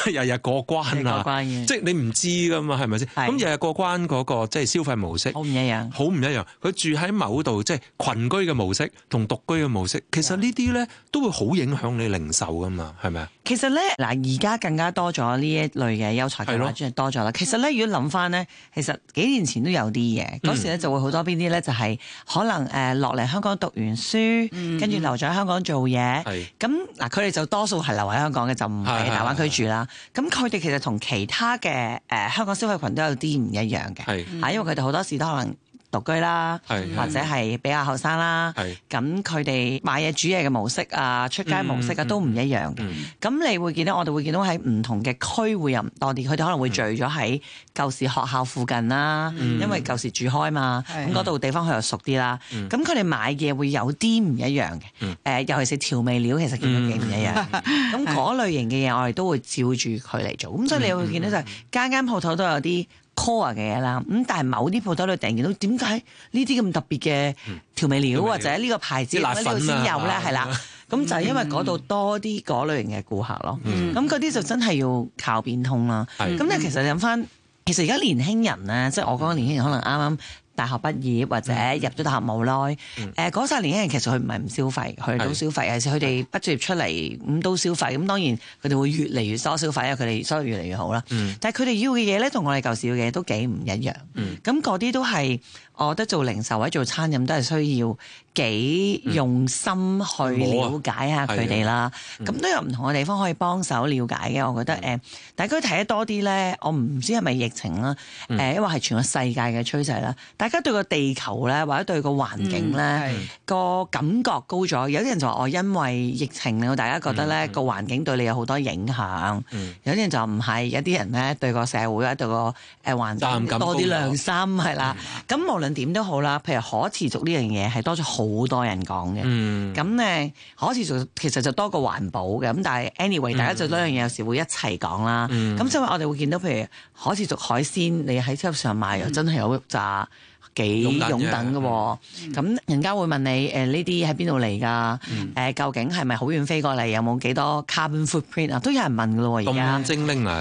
[SPEAKER 1] 日日 (laughs) 過關啊！即係你唔知㗎嘛？係咪先？咁日日過關嗰個即係消費模式，好唔一樣，好唔一樣。佢住喺某度，即係群居嘅模式同獨居嘅模式，其實呢啲咧都會好影響你零售㗎嘛？係咪啊？
[SPEAKER 4] 其實咧嗱，而家更加多咗呢一類嘅優才嘅家長多咗啦。其實咧，如果諗翻咧，其實幾年前都有啲嘢，嗰、嗯、時咧就會好多邊啲咧，就係可能誒落嚟香港讀完書，跟住在香港做嘢，咁嗱，係，佢哋就多數係留喺香港嘅，就唔喺大灣區住啦。咁佢哋其實同其他嘅誒香港消費群都有啲唔一樣嘅，係嚇，因為佢哋好多時都可能。獨居啦，或者係比較後生啦，咁佢哋買嘢煮嘢嘅模式啊，出街模式啊，都唔一樣嘅。咁你會見到我哋會見到喺唔同嘅區會有多啲，佢哋可能會聚咗喺舊時學校附近啦，因為舊時住開嘛，咁嗰度地方佢又熟啲啦。咁佢哋買嘢會有啲唔一樣嘅，誒，尤其是調味料其實見到幾唔一樣。咁嗰類型嘅嘢我哋都會照住佢嚟做，咁所以你會見到就間間鋪頭都有啲 call 嘅嘢啦，咁但係某啲鋪頭都突然見到點解呢啲咁特別嘅調味料，調味料或者個、啊、呢個牌子喺度先有咧，係啦，咁就係因為嗰度多啲嗰類型嘅顧客咯，咁嗰啲就真係要靠變通啦。咁咧、嗯、其實你諗翻，其實而家年輕人咧，即係、嗯、我講年輕人可能啱啱。大學畢業或者入咗大學冇耐，誒嗰三十年，其實佢唔係唔消費，佢都消費嘅，佢哋是畢業出嚟唔都消費，咁當然佢哋會越嚟越多消費，因為佢哋收入越嚟越好啦。嗯、但係佢哋要嘅嘢咧，同我哋舊時要嘅嘢都幾唔一樣。咁嗰啲都係。我覺得做零售或者做餐飲都係需要幾用心去了解下佢哋啦。咁、嗯、都有唔同嘅地方可以幫手了解嘅，我覺得誒。嗯、大家睇得多啲咧，我唔知係咪疫情啦，誒、嗯，因為係全個世界嘅趨勢啦。大家對個地球咧，或者對個環境咧，個、嗯、感覺高咗。有啲人就話我因為疫情令到大家覺得咧個環境對你有好多影響。嗯、有啲人就唔係，有啲人咧對個社會或者對個誒環境多啲良心係啦。咁無嗯論點都好啦，譬如可持續呢樣嘢係多咗好多人講嘅，咁咧、嗯、可持續其實就多過環保嘅，咁但係 anyway 大家就兩樣嘢、嗯、有時會一齊講啦，咁、嗯、所以我哋會見到譬如可持續海鮮，你喺超市上買又真係有肉渣。嗯嗯幾擁等嘅，咁人家會問你誒呢啲喺邊度嚟㗎？誒究竟係咪好遠飛過嚟？有冇幾多 carbon footprint 啊？都有人問㗎喎而家，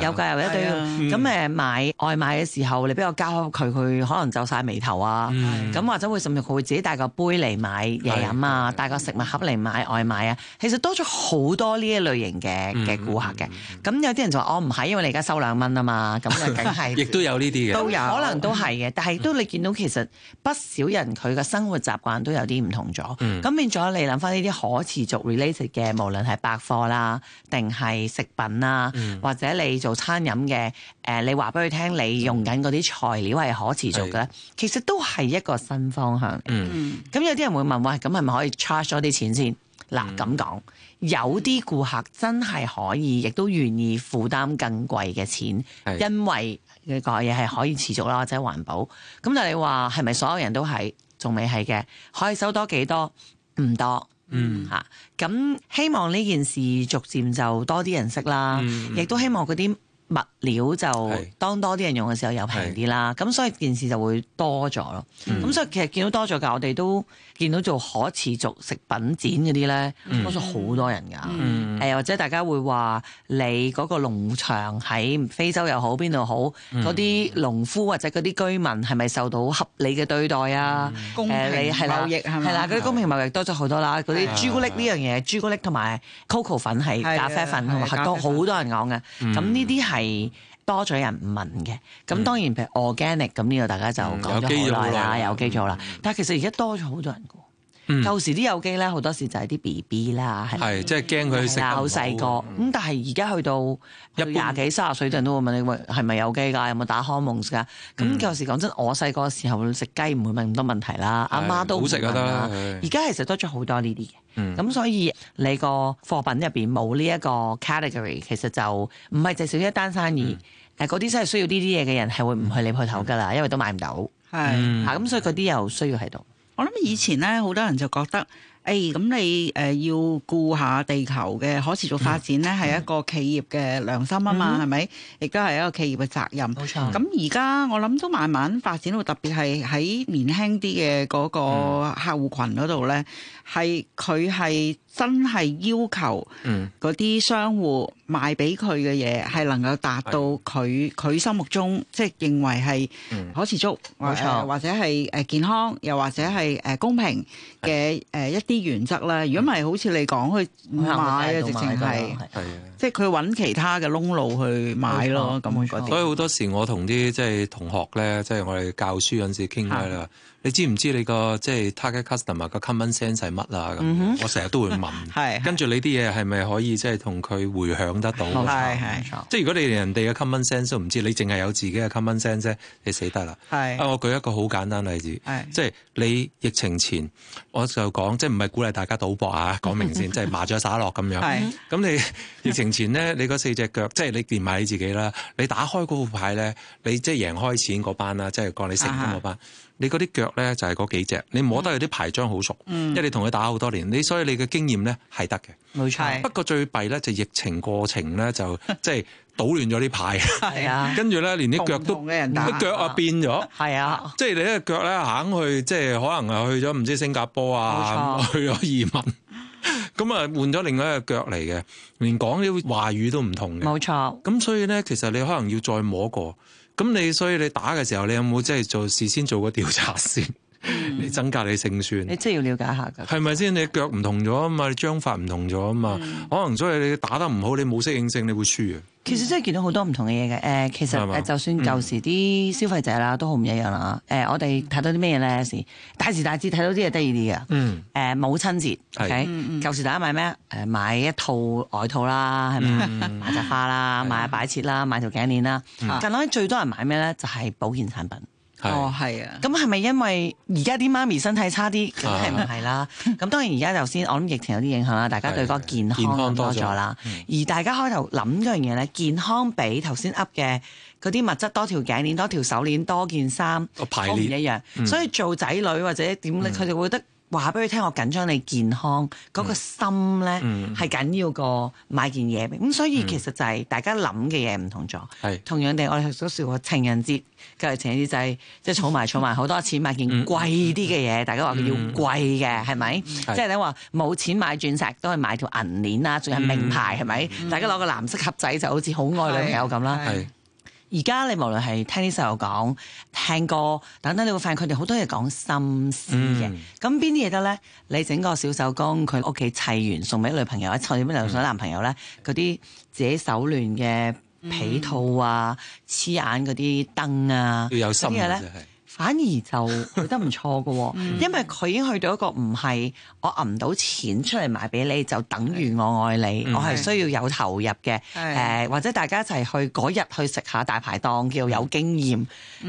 [SPEAKER 4] 有㗎，或者都要咁誒買外賣嘅時候，你比較交佢，佢可能皺晒眉頭啊。咁或者會甚至佢會自己帶個杯嚟買嘢飲啊，帶個食物盒嚟買外賣啊。其實多咗好多呢一類型嘅嘅顧客嘅。咁有啲人就話：我唔係，因為你而家收兩蚊啊嘛。咁係亦都
[SPEAKER 1] 有呢啲嘅，都有可能都係
[SPEAKER 4] 嘅。但係都你見到其實。不少人佢嘅生活習慣都有啲唔同咗，咁、嗯、變咗你諗翻呢啲可持續 related 嘅，無論係百貨啦，定係食品啦，嗯、或者你做餐飲嘅，誒，你話俾佢聽你用緊嗰啲材料係可持續嘅，是其實都係一個新方向。咁、嗯、有啲人會問話，咁係咪可以 charge 咗啲錢先？嗱、嗯，咁講，有啲顧客真係可以，亦都願意負擔更貴嘅錢，是因為。呢個嘢係可以持續啦，或者環保。咁但係你話係咪所有人都係仲未係嘅？可以收多幾多，多？唔多、嗯，嗯嚇、啊。咁希望呢件事逐漸就多啲人識啦，嗯、亦都希望嗰啲物料就是當多啲人用嘅時候又平啲啦。咁是所以件事就會多咗咯。咁、嗯、所以其實見到多咗嘅，我哋都。見到做可持續食品展嗰啲咧，多咗好多人噶，誒或者大家會話你嗰個農場喺非洲又好邊度好，嗰啲農夫或者嗰啲居民係咪受到合理嘅對待啊？公平貿易係啦，啲公平貿易多咗好多啦。嗰啲朱古力呢樣嘢，朱古力同埋 coco 粉係咖啡粉同埋好多人講嘅。咁呢啲係。多咗人唔問嘅，咁當然譬如 organic 咁呢個，大家就講咗好耐啦，有機做啦。但係其實而家多咗好多人嘅。舊時啲有機咧，好多時就係啲 BB 啦，係即係驚佢食咁。舊細個咁，但係而家去到入廿幾、卅歲，陣都會問你喂，係咪有機㗎？有冇打荷爾蒙㗎？咁舊時講真，我細個嘅時候食雞唔會問咁多問題啦，阿媽都好食得啦。而家其實多咗好多呢啲嘅，咁所以你個貨品入邊冇呢一個 category，其實就唔係淨少一單生意。誒，嗰啲真係需要呢啲嘢嘅人，係會唔去你鋪頭噶啦，因為都買唔到。
[SPEAKER 5] 係
[SPEAKER 2] 吓是，咁、嗯啊、所以嗰啲又需要喺度。我諗以前咧，好、嗯、多人就覺得，誒、欸，咁你誒、呃、要顧下地球嘅可持續發展咧，係、嗯、一個企業嘅良心啊嘛，係咪、嗯？亦都係一個企業嘅責任。冇錯錯。咁而家我諗都慢慢發展到，特別係喺年輕啲嘅嗰個客戶群嗰度咧，係佢係。真係要求嗰啲商戶賣俾佢嘅嘢係能夠達到佢佢的心目中即係認為係可持續、冇錯、嗯，或者係誒健康，又或者係誒公平嘅誒一啲原則啦。如果唔係好似你講、嗯、去唔買，直情係即係佢揾其他嘅窿路去買咯咁樣嗰啲。種嗯、所以
[SPEAKER 1] 好多時我同啲即係同學咧，即、就、係、是、我哋教書嗰陣時傾偈啦。的你知唔知你個即係 target customer 個 common sense 係乜啊？咁、mm hmm. 我成日都會問，跟住 (laughs) 是你啲嘢係咪可以即係同佢回響得到？係係， (laughs) 即係如果你人哋嘅 common sense 都唔知，你淨係有自己嘅 common sense 啫，你死得啦！係是啊，我舉一個好簡單例子，是即係你疫情前，我就講，即係唔係鼓勵大家賭博啊，講明先，即係 (laughs) 麻雀耍落咁樣。係咁 (laughs) 是，你疫情前咧，你嗰四隻腳，即係你掂埋你自己啦。你打開嗰副牌咧，你即係贏開錢嗰班啦，即係講你成功嗰班。 (laughs) (laughs) 你嗰啲腳咧就係嗰幾隻，你摸得佢啲牌張好熟，嗯、因為你同佢打好多年，你所以你嘅經驗咧係得嘅，冇錯。不過最弊咧就疫情過程咧就即係倒亂咗啲牌，
[SPEAKER 5] (laughs) 的跟
[SPEAKER 1] 住咧連啲腳都腳啊變咗，係啊的，即係你隻腳咧行去即係、就是、可能啊去咗唔知新加坡啊，錯去咗移民，咁 (laughs) 啊換咗另外一隻腳嚟嘅，連講啲話語都唔同嘅，冇錯。咁所以咧其實你可能要再摸過。咁你所以你打嘅時候，你有冇即係做事先做個調查先？你增加你嘅勝算，
[SPEAKER 4] 你真係要了解下噶。
[SPEAKER 1] 係咪先？你腳唔同咗嘛？你章法唔同咗嘛？可能所以你打得唔好，你冇適應性，你會輸啊。
[SPEAKER 4] 其實真係見到好多唔同嘅嘢嘅。誒，其實就算舊時啲消費者啦，都好唔一樣啦。誒，我哋睇到啲咩咧？時大時大節睇到啲嘢得意啲嘅。誒，母親節，OK，舊時大家買咩？誒，買一套外套啦，係咪啊？買紮花啦，買擺設啦，買條頸鏈啦。近來最多人買咩咧？就係保健產品。是哦，係啊，咁係咪因為而家啲媽咪身體差啲，梗係唔係啦？咁當然而家頭先我諗疫情有啲影響啦，大家對嗰個健康， (laughs) 健康多咗啦。嗯、而大家開頭諗嗰樣嘢咧，健康比頭先噏嘅嗰啲物質多條頸鏈、多條手鏈、多件衫，排面列一樣。嗯、所以做仔女或者點咧，佢哋會覺得。話俾佢聽，我緊張你健康嗰、那個心咧，係緊、嗯、要過買件嘢。咁、嗯、所以其實就係大家諗嘅嘢唔同咗。嗯、同樣地，我哋都笑過情人節，今日情人節就係、是、即係儲埋儲埋好多錢買件貴啲嘅嘢。嗯、大家話佢要貴嘅係咪？即係你話冇錢買鑽石，都係買條銀鏈啦，仲有名牌係咪？嗯嗯、大家攞個藍色盒仔就好似好愛女朋友咁啦。嗯嗯嗯嗯而家你無論係聽啲細路講、聽歌等等，你會發現佢哋好多嘢講心思嘅。咁邊啲嘢得咧？你整個小手工，佢屋企砌完送俾女朋友，或者砌俾留想男朋友咧，嗰啲、嗯、自己手亂嘅被套啊、黐、嗯、眼嗰啲燈啊，要有心思嘅。反而就去得唔錯嘅， (laughs) 嗯、因為佢已經去到一個唔係我揞唔到錢出嚟買俾你，就等於我愛你，是的 我係需要有投入嘅。誒或者大家一齊去嗰日去食下大排檔叫有經驗，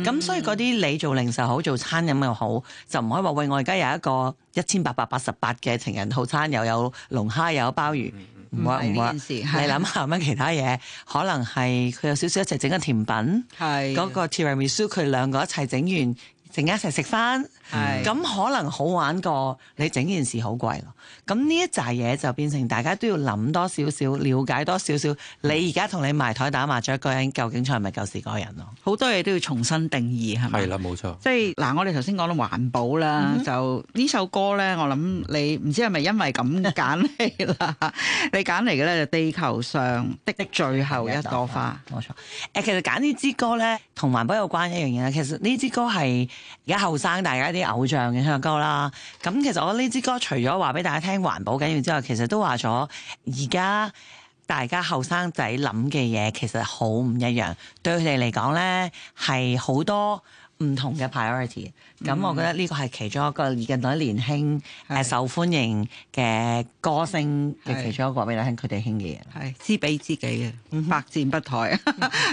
[SPEAKER 4] 咁、嗯、所以嗰啲你做零售好，做餐飲又好，就唔可以話喂，我而家有一個一千八百八十八嘅情人套餐，又有龍蝦又有鮑魚。嗯唔關事，你諗下乜其他嘢？是的 可能係佢有少少一齊整個甜品，係嗰是的 個提拉米蘇，佢兩個一齊整完，陣間一齊食翻。咁、嗯、可能好玩過你整件事好貴咯。咁呢一紮嘢就變成大家都要諗多少少，了解多少少。你而家同你埋台打麻雀嗰個
[SPEAKER 2] 人究竟係咪舊時嗰個人咯？好多嘢都要重新定義係
[SPEAKER 4] 咪？係啦，
[SPEAKER 1] 冇
[SPEAKER 2] 錯。即係嗱，我哋頭先講到環保啦，嗯、哼就呢首歌咧，我諗你唔知係咪因為咁揀嚟啦？ (laughs) 你揀嚟嘅咧，就地球上的最後一朵花。
[SPEAKER 4] 冇錯。誒，其實揀呢支歌咧，同環保有關一樣嘢啦。其實呢支歌係而家後生大家啲偶像影唱嘅歌啦，咁其實我呢支歌除咗話俾大家聽環保緊要之外，其實都話咗而家大家後生仔諗嘅嘢其實好唔一樣，對佢哋嚟講咧係好多。唔同嘅 priority，咁、嗯、我覺得呢個係其中一個近代年輕誒是受歡迎嘅歌
[SPEAKER 2] 星嘅其中一個俾你聽佢哋興嘅嘢，係是知彼知己嘅，嗯、哼百戰不殆。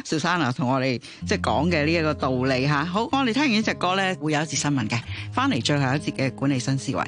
[SPEAKER 2] Susanna 啊，同我哋即係講嘅呢一個道理吓，好，我哋聽完呢隻歌咧，會有一節新聞嘅，翻嚟最後一節嘅管理新思維。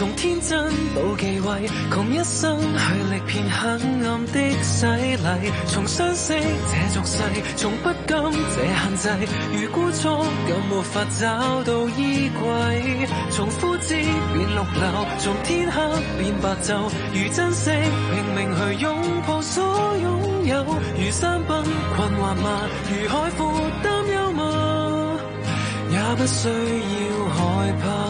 [SPEAKER 7] 從天真到忌諱，共一生去歷遍黑暗的洗禮。從相識這俗世，從不甘這限制。如孤雛又沒法找到依歸。從枯枝變綠柳，從天黑變白晝。如珍惜拼命去擁抱所擁有，如山崩困惑嗎？如海闊擔憂嗎？也不需要害怕。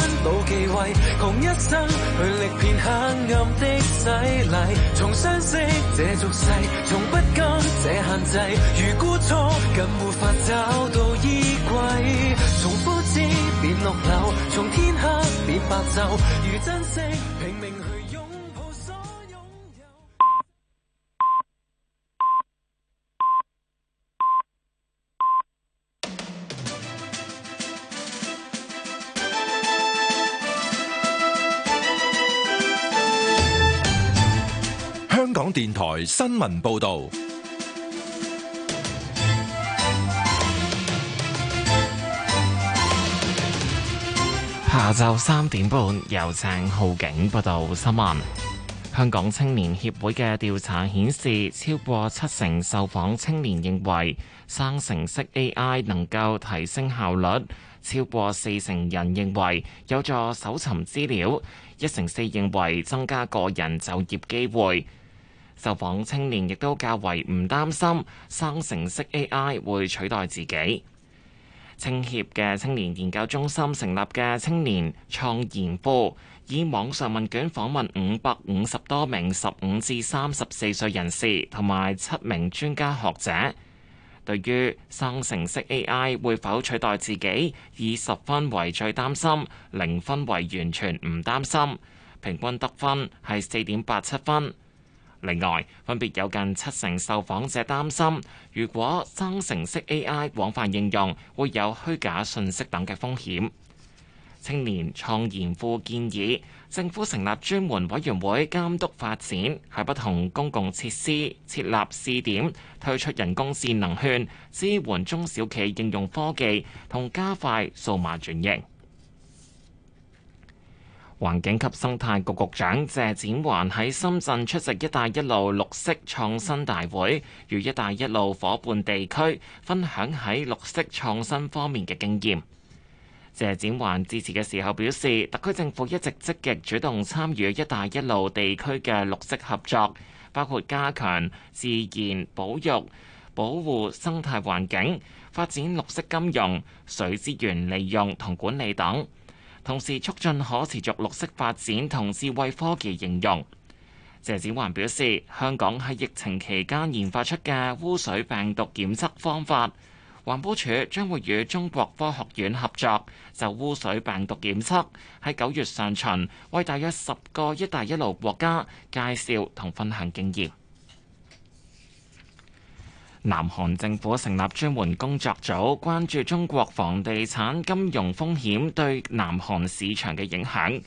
[SPEAKER 7] 窮一生去歷遍黑暗的洗禮，從相識這俗世，從不甘這限制，如孤雛更沒法找到依歸。從枯枝變綠柳，從天黑變白晝，如珍惜。
[SPEAKER 1] 電台新聞報道，
[SPEAKER 3] 下晝三點半由鄭浩景報道新聞。香港青年協會嘅調查顯示，超過七成受訪青年認為生成式 AI 能夠提升效率，超過四成人認為有助搜尋資料，一成四認為增加個人就業機會。就受訪青年亦都較為唔擔心生成式 AI 會取代自己。青協嘅青年研究中心成立嘅青年創研庫以網上問卷訪問五百五十多名十五至三十四歲人士，同埋七名專家學者。對於生成式 AI 會否取代自己，以十分為最擔心，零分為完全唔擔心，平均得分係四點八七分。另外，分別有近七成受訪者擔心，如果生成式 AI 廣泛應用，會有虛假信息等嘅風險。青年創研庫建議政府成立專門委員會監督發展，喺不同公共設施設立試點，推出人工智能券，支援中小企應用科技，同加快數碼轉型。環境及生態局局長謝展環喺深圳出席「一帶一路」綠色創新大會，與「一帶一路」伙伴地區分享喺綠色創新方面嘅經驗。謝展環致辭嘅時候表示，特區政府一直積極主動參與「一帶一路」地區嘅綠色合作，包括加強自然保育、保護生態環境、發展綠色金融、水資源利用同管理等。同時促進可持續綠色發展同智慧科技應用。謝展寰表示，香港喺疫情期間研發出嘅污水病毒檢測方法，環保署將會與中國科學院合作，就污水病毒檢測喺九月上旬為大約十個一帶一路國家介紹同分享經驗。南韓政府成立專門工作組，關注中國房地產金融風險對南韓市場嘅影響。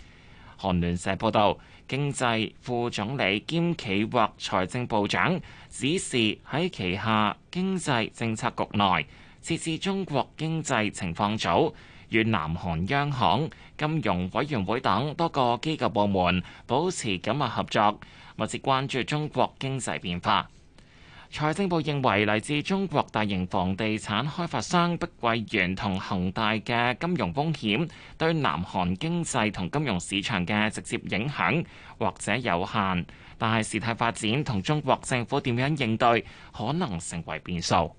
[SPEAKER 3] 韓聯社報導，經濟副總理兼企劃財政部長指示喺旗下經濟政策局內設置中國經濟情況組，與南韓央行、金融委員會等多個機構部門保持緊密合作，密切關注中國經濟變化。財政部認為，來自中國大型房地產開發商碧桂園同恒大嘅金融風險，對南韓經濟同金融市場嘅直接影響或者有限，但係事態發展同中國政府點樣應對，可能成為變數。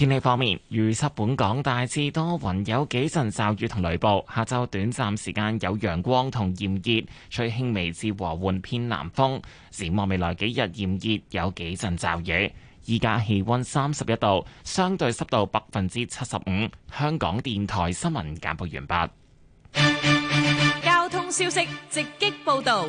[SPEAKER 3] 天氣方面，預測本港大致多雲，有幾陣驟雨同雷暴。下晝短暫時間有陽光同炎熱，吹輕微至和緩偏南風。展望未來幾日炎熱，有幾陣驟雨。依家氣温三十一度，相對濕度百分之七十五。香港電台新聞簡報完畢。
[SPEAKER 4] 交通消息直擊報道。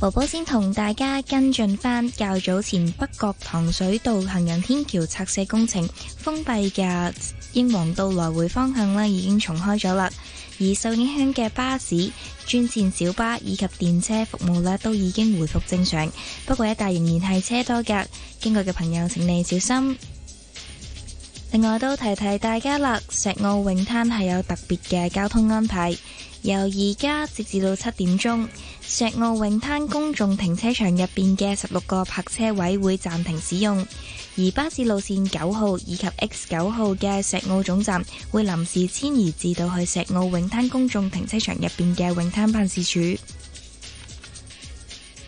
[SPEAKER 8] 寶寶先同大家跟進返較早前北角糖水道行人天橋拆卸工程封閉嘅英皇道來回方向呢，已經重開咗啦，而受影響嘅巴士專線小巴以及電車服務呢，都已經回復正常，不過一帶仍然係車多噶，經過嘅朋友請你小心。另外都提提大家啦，石澳泳灘係有特別嘅交通安排。由而家直至到七點鐘，石澳泳灘公眾停車場入邊嘅十六個泊車位會暫停使用，而巴士路線九號以及 X 九號嘅石澳總站會臨時遷移至到去石澳泳灘公眾停車場入邊嘅泳灘辦事處。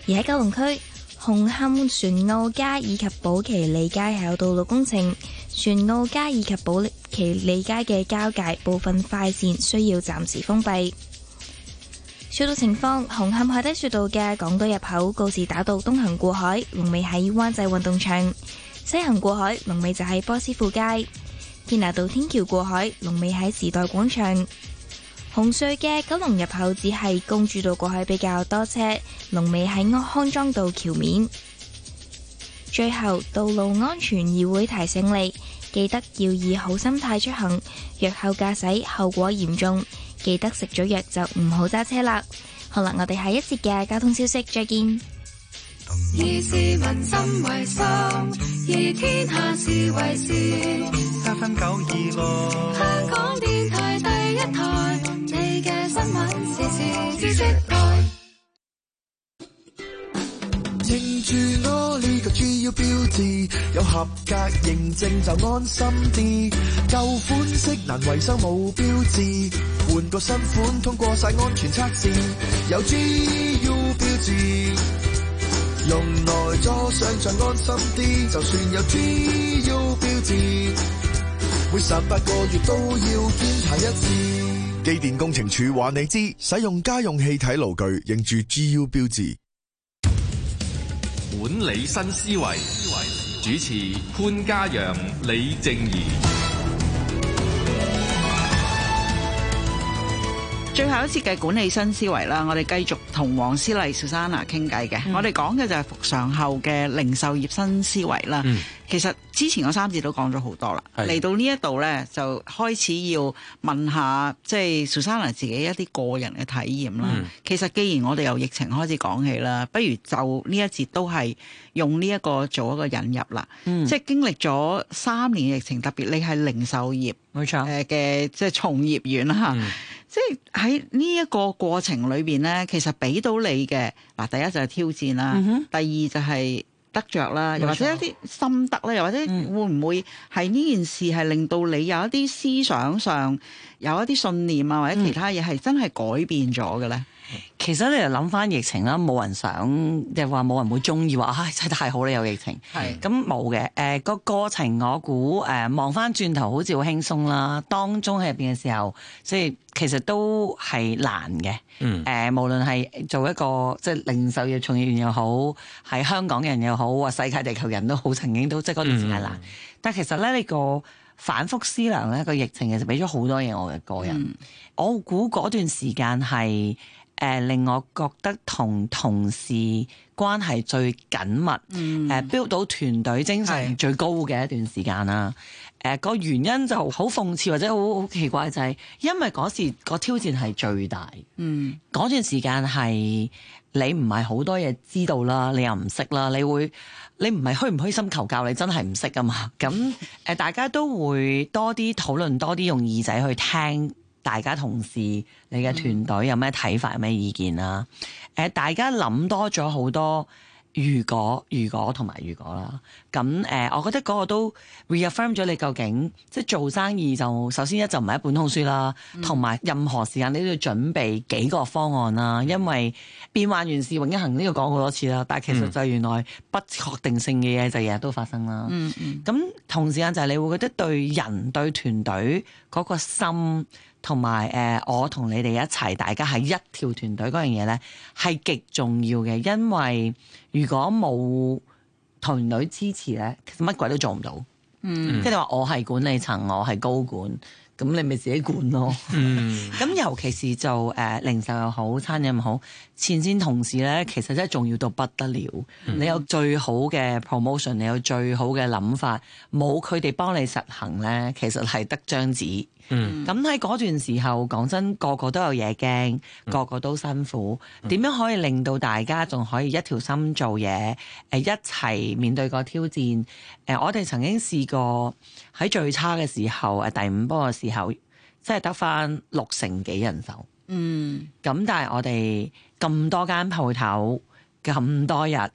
[SPEAKER 8] 而喺九龍區，紅磡船澳街以及寶其利街口道路工程。船澳街以及寶其利街嘅交界部分快線需要暫時封閉。隧道情況：紅磡海底隧道嘅港島入口告士打道東行過海龍尾喺灣仔運動場，西行過海龍尾就喺波斯富街；堅拿道天橋過海龍尾喺時代廣場。紅隧嘅九龍入口只係公主道過海比較多車，龍尾喺柯康莊道橋面。最後，道路安全議會提醒你，記得要以好心態出行，藥後駕駛後果嚴重，記得食咗藥就唔好揸車啦。好啦，我哋下一節嘅交通消息再見。
[SPEAKER 9] E 認住我呢個 G U 標誌，有合格認證就安心啲。舊款式難維修冇標誌，換個新款通過晒安全測試，有 G U 標誌，用內裝上陣安心啲。就算有 G U 標誌，每十八個月都要檢查一次。
[SPEAKER 3] 機電工程署話你知，使用家用氣體爐具認住 G U 標誌。管理新思維，思維主持潘嘉陽、李靜宜。
[SPEAKER 2] 最後一節嘅管理新思維啦，我哋繼續同黃思麗 Susanna 傾偈嘅。嗯、我哋講嘅就係復常後嘅零售業新思維啦。嗯、其實之前嗰三節都講咗好多啦，嚟是到呢一度呢，就開始要問下，即係 Susanna 自己一啲個人嘅體驗啦。嗯、其實既然我哋由疫情開始講起啦，不如就呢一節都係用呢一個做一個引入啦。嗯、即係經歷咗三年疫情，特別你係零售業冇錯，嘅、嗯嗯、即係從業員啦即係喺呢一個過程裏邊咧，其實俾到你嘅嗱，第一就係挑戰啦，mm hmm. 第二就係得着啦，又或者一啲心得咧，又或者會唔會係呢件事係令到你有一啲思想上有一啲信念啊，或者其他嘢係真係改變咗嘅咧？其實你就諗翻疫情啦，冇人
[SPEAKER 4] 想即係話冇人會中意話唉，真係太好啦！有疫情係咁冇嘅。誒是，呃那個過程我估誒、呃，望翻轉頭好似好輕鬆啦。當中喺入邊嘅時候，即係其實都係難嘅。嗯。誒、呃，無論係做一個即係零售業從業員又好，係香港人又好，或世界地球人都好，曾經都即係嗰段時間難。嗯、但其實咧，你，呢個反覆思量咧，那個疫情其實俾咗好多嘢我嘅個人。嗯、我估嗰段時間係。誒，令我覺得同同事關係最緊密，誒，build 到團隊精神最高嘅一段時間啦。誒，個原因就好諷刺或者好好奇怪，就係因為嗰時個挑戰係最大，
[SPEAKER 5] 嗯，
[SPEAKER 4] 嗰段時間係你唔係好多嘢知道啦，你又唔識啦，你會你唔係虛唔虛心求教，你真係唔識噶嘛。咁誒，大家都會多啲討論，多啲用耳仔去聽。大家同事，你嘅團隊有咩睇法，有咩、嗯、意見啦，啊？誒、呃，大家諗多咗好多，如果、如果同埋如果啦。咁誒、呃，我覺得嗰個都 reaffirm 咗你究竟，即係做生意就首先一就唔係一本通書啦，同埋、嗯、任何時間你都要準備幾個方案啦，因為變幻原是永恆，呢個講好多次啦。但係其實就係原來不確定性嘅嘢就日日都發生啦。嗯嗯。咁、嗯、同時間就係你會覺得對人對團隊嗰個心。同埋誒，我同你哋一齊，大家喺一條團隊嗰樣嘢咧，係極重要嘅。因為如果冇團隊支持咧，其實乜鬼都做唔到。
[SPEAKER 5] 嗯，即係話
[SPEAKER 4] 我係管理層，我係高管，咁你咪自己管咯。嗯，咁 (laughs) 尤其是做誒、呃、零售又好，餐飲又好。前線同事咧，其實真係重要到不得了。你有最好嘅 promotion，你有最好嘅諗法，冇佢哋幫你實行咧，其實係得張紙。
[SPEAKER 5] 嗯。咁
[SPEAKER 4] 喺嗰段時候，講真，個個都有嘢驚，個個都辛苦。嗯、點樣可以令到大家仲可以一條心做嘢？誒，一齊面對個挑戰。誒，我哋曾經試過喺最差嘅時候，誒第五波嘅時候，即係得翻六成幾人手。嗯。咁但係我哋。咁多間鋪頭，咁多日，淨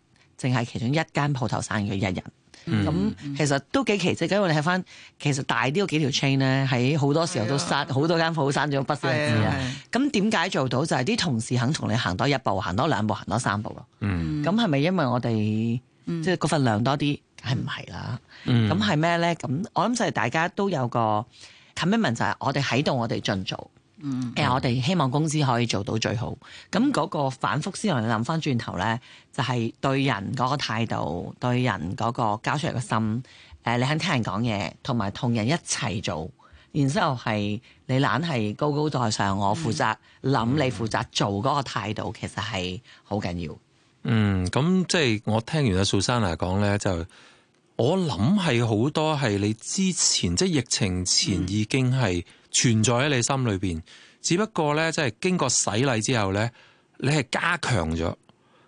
[SPEAKER 4] 係其中一間鋪頭散咗一人，咁、嗯、其實都幾奇蹟。因為我你睇翻，其實大啲嗰幾條 chain 咧，喺好多時候都殺好、哎、呦多間鋪，都散咗不少啲啦。咁點解做到？就係、是、啲同事肯同你行多一步，行多兩步，行多三步咯。咁係咪因為我哋即係個份量多啲？梗係唔係啦？咁係咩咧？咁我諗就係大家都有個 commitment 就係、是、我哋喺度，我哋盡做。誒、嗯呃，我哋希望公司可以做到最好。咁嗰個反覆思量，你諗翻轉頭咧，就係、是、對人嗰個態度，對人嗰個交出嚟嘅心。誒、呃，你肯聽人講嘢，同埋同人一齊做，然之後係你懶係高高在上，我負責，諗、嗯、你負責做嗰個態度，其實係好緊要。
[SPEAKER 1] 嗯，咁即係我聽完阿素珊嚟講咧，就我諗係好多係你之前即係疫情前已經係，嗯嗯存在喺你心裏邊，只不過咧，即係經過洗禮之後咧，你係加強咗。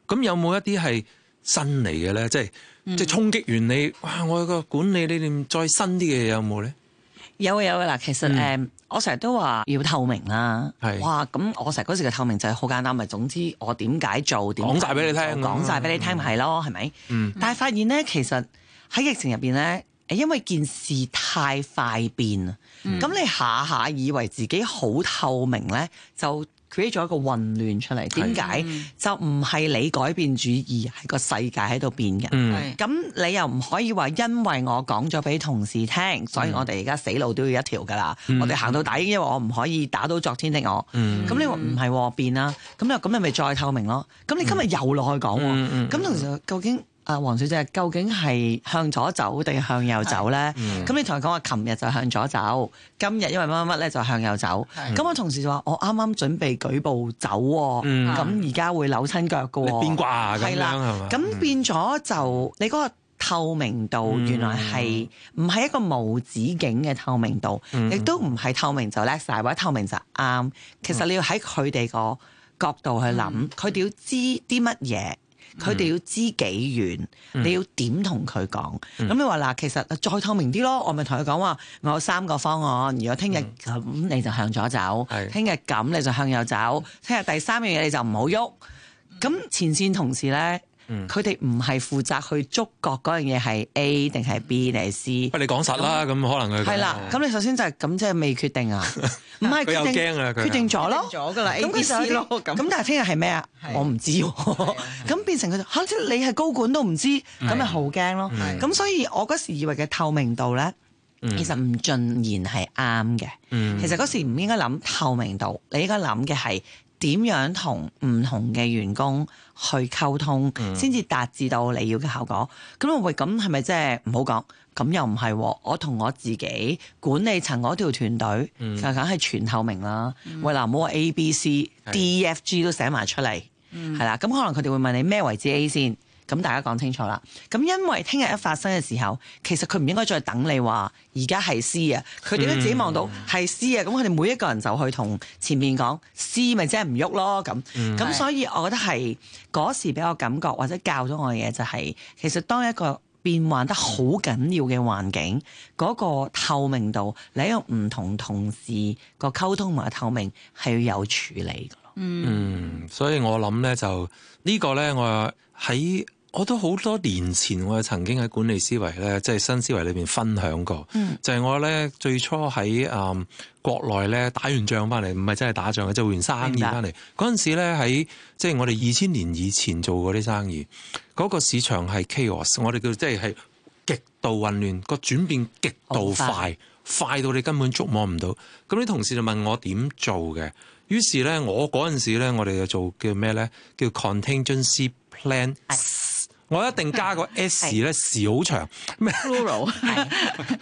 [SPEAKER 1] 咁有冇一啲係新嚟嘅咧？即係即係衝擊完你，哇！我個管理你哋再新啲嘅嘢有冇咧？
[SPEAKER 4] 有啊，有啊。嗱，其實誒，我成日都話要透明啦。係哇，咁我成日嗰時嘅透明就係好簡單，咪總之我點解做，點講晒俾你聽，講晒俾你聽，咪係咯，係咪？嗯。但係發現咧，其實喺疫情入邊咧。因為件事太快變啊，咁、嗯、你下下以為自己好透明呢就 create 咗一個混亂出嚟。點解？嗯、就唔係你改變主意，係個世界喺度變嘅。咁、嗯、你又唔可以話因為我講咗俾同事聽，所以我哋而家死路都要一條㗎啦。嗯、我哋行到底，因為我唔可以打到昨天的我。咁、嗯、你話唔係變啦。咁又咁又咪再透明咯？咁你今日又落去講喎？咁同時究竟？啊，黃小姐，究竟係向左走定向右走呢？咁、嗯、你同佢講話，琴日就向左走，今日因為乜乜乜咧就向右走。咁、嗯、我同事就話，我啱啱準備舉步走、哦，咁而家會扭親腳嘅、哦。變卦啊！係啦，咁了嗎變咗就你嗰個透明度原來係唔係一個無止境嘅透明度，亦都唔係透明就叻晒，或者透明就啱。其實你要喺佢哋個角度去諗，佢哋、嗯、要知啲乜嘢。佢哋要知幾遠，嗯、你要點同佢講？咁、嗯、你話嗱，其實再透明啲咯，我咪同佢講話，我有三個方案，如果聽日咁你就向左走，聽日咁你就向右走，聽日第三樣嘢你就唔好喐。咁前線同事呢？佢哋唔係負責去觸覺嗰樣嘢係 A 定係 B 定係
[SPEAKER 1] C，不你講實啦，咁可能佢係啦。咁
[SPEAKER 4] 你首先就係咁，即係未決定啊？唔
[SPEAKER 1] 係佢又驚啊！佢決定
[SPEAKER 4] 咗咯，咗㗎喇 A、B、C 咁但係聽日係咩啊？我唔知。咁變成佢嚇，即你係高管都唔知，咁咪好驚咯。咁所以我嗰時以為嘅透明度咧，其實唔盡然係啱嘅。其實嗰時唔應該諗透明度，你應該諗嘅係，點樣同唔同嘅員工去溝通，先至、嗯、達至到你要嘅效果？咁喂，咁係咪即係唔好講？咁又唔係，我同我自己管理層嗰條團隊，嗯、就梗係全透明啦。嗯、喂，嗱是，冇話 A、B、C、D、F、G 都寫埋出嚟，係啦、嗯。咁可能佢哋會問你咩為之 A 先。咁大家講清楚啦。咁因為聽日一發生嘅時候，其實佢唔應該再等你話而家係 C 啊。佢點都自己望到係 C 啊。咁佢哋每一個人就去同前面講 C，咪即係唔喐咯。咁咁，就是嗯、所以我覺得係嗰時俾我感覺或者教咗我嘅嘢就係、是，其實當一個變幻得好緊要嘅環境，嗰、嗯、個透明度，你喺個唔同同事個溝通同埋透明係要有處理嘅。
[SPEAKER 1] 嗯，嗯，所以我諗呢就呢、這個呢，我喺。我都好多年前，我曾經喺管理思維咧，即係新思維裏邊分享過。嗯、就係我咧最初喺啊、嗯、國內咧打完仗翻嚟，唔係真係打仗嘅，做完生意翻嚟嗰陣時咧，喺即係我哋二千年以前做嗰啲生意，嗰、嗰個市場係 chaos，我哋叫即係係極度混亂，個轉變極度快，白快到你根本捉摸唔到。咁啲同事就問我點做嘅，於是咧我嗰陣時咧，我哋就做叫咩咧？叫 contingency plan。我一定加個 S 咧是， 時好長咩？咁 (laughs) (laughs)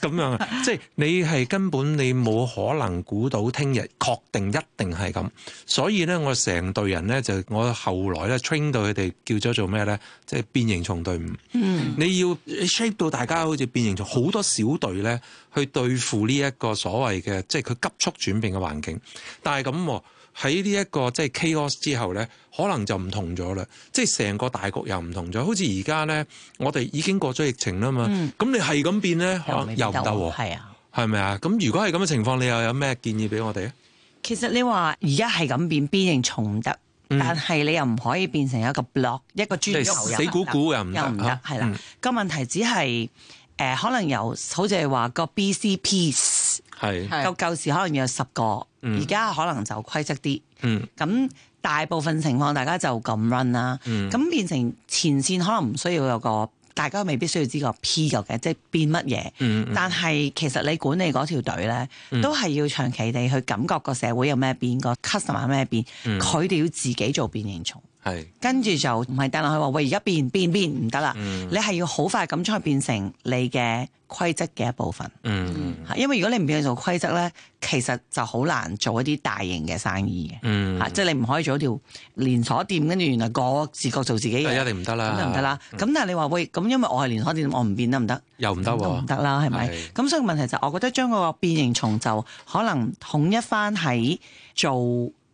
[SPEAKER 1] 樣，即係你係根本你冇可能估到聽日確定一定係咁，所以咧我成隊人咧就我後來咧 train 到佢哋叫咗做咩咧？即係變形蟲隊伍。嗯，你要 shape 到大家好似變形蟲，好多小隊咧去對付呢一個所謂嘅即係佢急速轉變嘅環境，但係咁。喺呢一個即係 chaos 之後咧，可能就唔同咗啦。即係成個大局又唔同咗。好似而家咧，我哋已經過咗疫情啦嘛。咁你係咁變咧，可能又唔得。係啊，係咪啊？咁如果係咁嘅情況，你又有咩建議俾我哋啊？
[SPEAKER 4] 其實你話而家係咁變，變形蟲得，但係你又唔可以變成一個 block，一個專死股股又唔得。係啦，個問題只係誒，可能有好似係話個 BCP 係夠舊時，可能有十個。而家可能就規則啲，咁、嗯、大部分情況大家就咁 run 啦、嗯。咁變成前線可能唔需要有個大家未必需要知個 P 咗嘅，即係變乜嘢。嗯嗯、但係其實你管理條隊咧，都係要長期地去感覺個社會有咩變，個 customer 有咩變，佢哋、嗯、要自己做變形蟲。係，是跟住就唔係但落去話喂，而家變變變唔得啦，嗯、你係要好快咁將去變成你嘅規則嘅一部分。嗯，因為如果你唔變去做規則咧，其實就好難做一啲大型嘅生意嘅。嗯，即係、啊就是、你唔可以做條連鎖店，跟住原來各自各做自己、嗯，一定唔得啦，唔得啦。咁、嗯、但係你話喂，咁因為我係連鎖店，我唔變得唔得？又唔得，都唔得啦，係咪？咁是所以問題就，我覺得將個變形蟲就可能統一翻喺做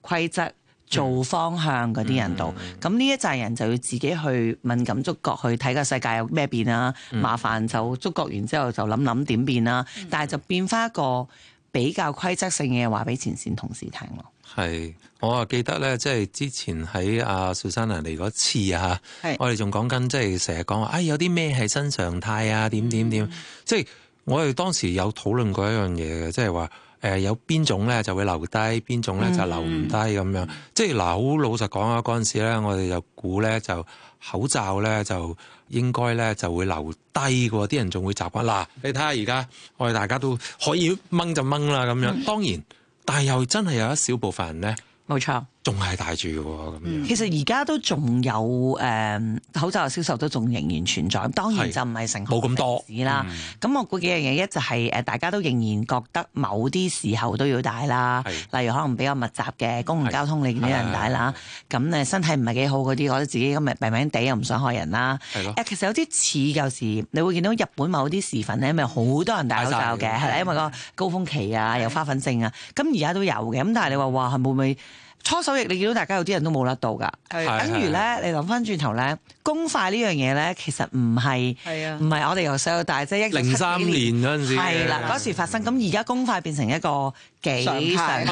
[SPEAKER 4] 規則。做方向嗰啲人度，咁呢、嗯、一扎人就要自己去敏感觸覺，去睇個世界有咩變啦。嗯、麻煩就觸覺完之後就諗諗點變啦。嗯、但係就變翻一個比較規則性嘅話俾前線同事聽咯。
[SPEAKER 1] 係，我啊記得咧，即係之前喺阿少山嚟嗰次啊，是我哋仲講緊即係成日講話，哎有啲咩係新常態啊？點點點，即係、嗯、我哋當時有討論過一樣嘢嘅，即係話。誒有邊種咧就會留低，邊種咧就留唔低咁樣。嗯嗯即係嗱，好老實講啊，嗰陣時咧，我哋就估咧就口罩咧就應該咧就會留低㗎喎，啲人仲會習慣。嗱、啊，你睇下而家，我哋大家都可以掹就掹啦咁樣。嗯、當然，但係又真係有一小部分人咧，冇錯。仲係戴住喎，
[SPEAKER 4] 咁、嗯、其實而家都仲有誒、嗯、口罩嘅銷售都仲仍然存在，當然就唔係成市冇咁多。咁、嗯、我估幾樣嘢，一就係、是、誒大家都仍然覺得某啲時候都要戴啦。嗯、例如可能比較密集嘅公共交通，你見到人戴啦。咁誒、啊、身體唔係幾好嗰啲，覺得自己咁咪病病地又唔想害人啦。誒，其實有啲似有時，你會見到日本某啲時分咧，咪好多人戴口罩嘅，係啦，因為個是對高峰期啊，有花粉症啊。咁而家都有嘅，咁但係你話哇，哇，哇，哇，會唔會？初手亦你見到大家有啲人都冇甩到㗎，係
[SPEAKER 5] 等於咧，
[SPEAKER 4] 你諗翻轉頭咧。公筷呢樣嘢咧，其實唔係唔係我哋由細到大，即係一零三年嗰陣時係啦，嗰、啊、對時發生。咁而家公筷變成一個幾常嘅班，